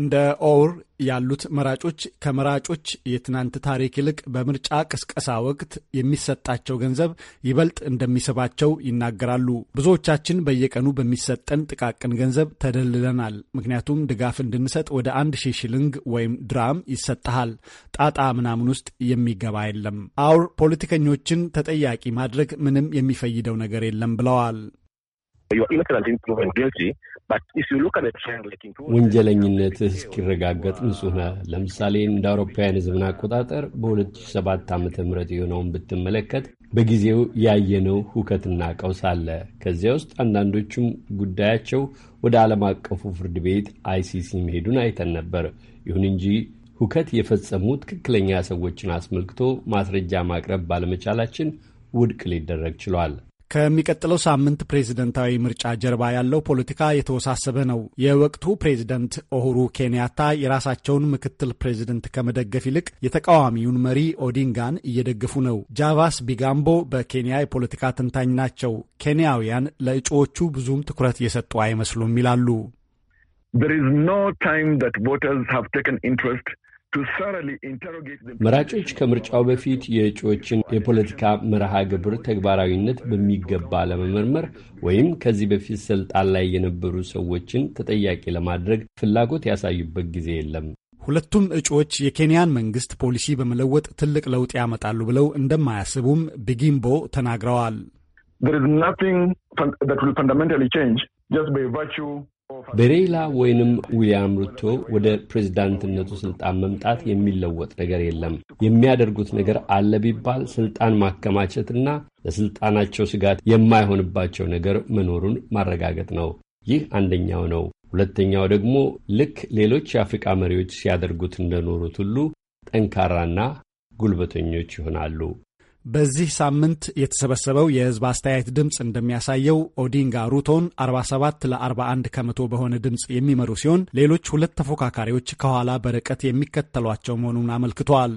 እንደ ኦውር ያሉት መራጮች ከመራጮች የትናንት ታሪክ ይልቅ በምርጫ ቅስቀሳ ወቅት የሚሰጣቸው ገንዘብ ይበልጥ እንደሚስባቸው ይናገራሉ። ብዙዎቻችን በየቀኑ በሚሰጠን ጥቃቅን ገንዘብ ተደልለናል። ምክንያቱም ድጋፍ እንድንሰጥ ወደ አንድ ሺህ ሽልንግ ወይም ድራም ይሰጠሃል። ጣጣ ምናምን ውስጥ የሚገባ የለም። አውር ፖለቲከኞችን ተጠያቂ ማድረግ ምንም የሚፈይደው ነገር የለም ብለዋል። ወንጀለኝነት እስኪረጋገጥ uh, ንጹህ ነህ። ለምሳሌ እንደ አውሮፓውያን ዘመን አቆጣጠር በ2007 ዓ ም የሆነውን ብትመለከት በጊዜው ያየነው ሁከትና ቀውስ አለ። ከዚያ ውስጥ አንዳንዶቹም ጉዳያቸው ወደ ዓለም አቀፉ ፍርድ ቤት አይሲሲ መሄዱን አይተን ነበር። ይሁን እንጂ ሁከት የፈጸሙ ትክክለኛ ሰዎችን አስመልክቶ ማስረጃ ማቅረብ ባለመቻላችን ውድቅ ሊደረግ ችሏል። ከሚቀጥለው ሳምንት ፕሬዝደንታዊ ምርጫ ጀርባ ያለው ፖለቲካ የተወሳሰበ ነው። የወቅቱ ፕሬዝደንት ኦሁሩ ኬንያታ የራሳቸውን ምክትል ፕሬዝደንት ከመደገፍ ይልቅ የተቃዋሚውን መሪ ኦዲንጋን እየደገፉ ነው። ጃቫስ ቢጋምቦ በኬንያ የፖለቲካ ተንታኝ ናቸው። ኬንያውያን ለእጩዎቹ ብዙም ትኩረት እየሰጡ አይመስሉም ይላሉ። There is no time that voters have taken interest መራጮች ከምርጫው በፊት የእጩዎችን የፖለቲካ መርሃ ግብር ተግባራዊነት በሚገባ ለመመርመር ወይም ከዚህ በፊት ስልጣን ላይ የነበሩ ሰዎችን ተጠያቂ ለማድረግ ፍላጎት ያሳዩበት ጊዜ የለም። ሁለቱም እጩዎች የኬንያን መንግስት ፖሊሲ በመለወጥ ትልቅ ለውጥ ያመጣሉ ብለው እንደማያስቡም ቢጊምቦ ተናግረዋል። በሬይላ ወይንም ዊልያም ሩቶ ወደ ፕሬዝዳንትነቱ ስልጣን መምጣት የሚለወጥ ነገር የለም። የሚያደርጉት ነገር አለ ቢባል ስልጣን ማከማቸትና ለስልጣናቸው ስጋት የማይሆንባቸው ነገር መኖሩን ማረጋገጥ ነው። ይህ አንደኛው ነው። ሁለተኛው ደግሞ ልክ ሌሎች የአፍሪቃ መሪዎች ሲያደርጉት እንደኖሩት ሁሉ ጠንካራና ጉልበተኞች ይሆናሉ። በዚህ ሳምንት የተሰበሰበው የህዝብ አስተያየት ድምፅ እንደሚያሳየው ኦዲንጋ ሩቶን 47 ለ41 ከመቶ በሆነ ድምፅ የሚመሩ ሲሆን ሌሎች ሁለት ተፎካካሪዎች ከኋላ በርቀት የሚከተሏቸው መሆኑን አመልክቷል።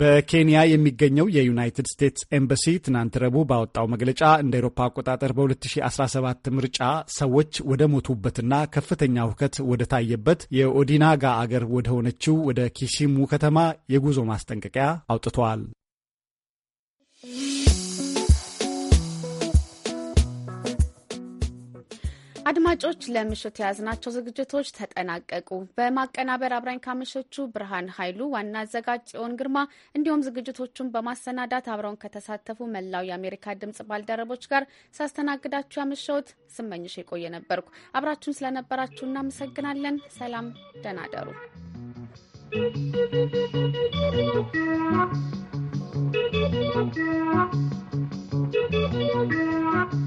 በኬንያ የሚገኘው የዩናይትድ ስቴትስ ኤምባሲ ትናንት ረቡዕ ባወጣው መግለጫ እንደ ኤሮፓ አቆጣጠር በ2017 ምርጫ ሰዎች ወደ ሞቱበትና ከፍተኛ ሁከት ወደ ታየበት የኦዲናጋ አገር ወደ ሆነችው ወደ ኪሺሙ ከተማ የጉዞ ማስጠንቀቂያ አውጥተዋል። አድማጮች ለምሽት የያዝናቸው ዝግጅቶች ተጠናቀቁ። በማቀናበር አብራኝ ካመሸችው ብርሃን ኃይሉ፣ ዋና አዘጋጅ ጽዮን ግርማ እንዲሁም ዝግጅቶቹን በማሰናዳት አብረውን ከተሳተፉ መላው የአሜሪካ ድምጽ ባልደረቦች ጋር ሳስተናግዳችሁ ያመሸሁት ስመኝሽ የቆየ ነበርኩ። አብራችሁን ስለነበራችሁ እናመሰግናለን። ሰላም፣ ደህና ደሩ። Thank mm. you.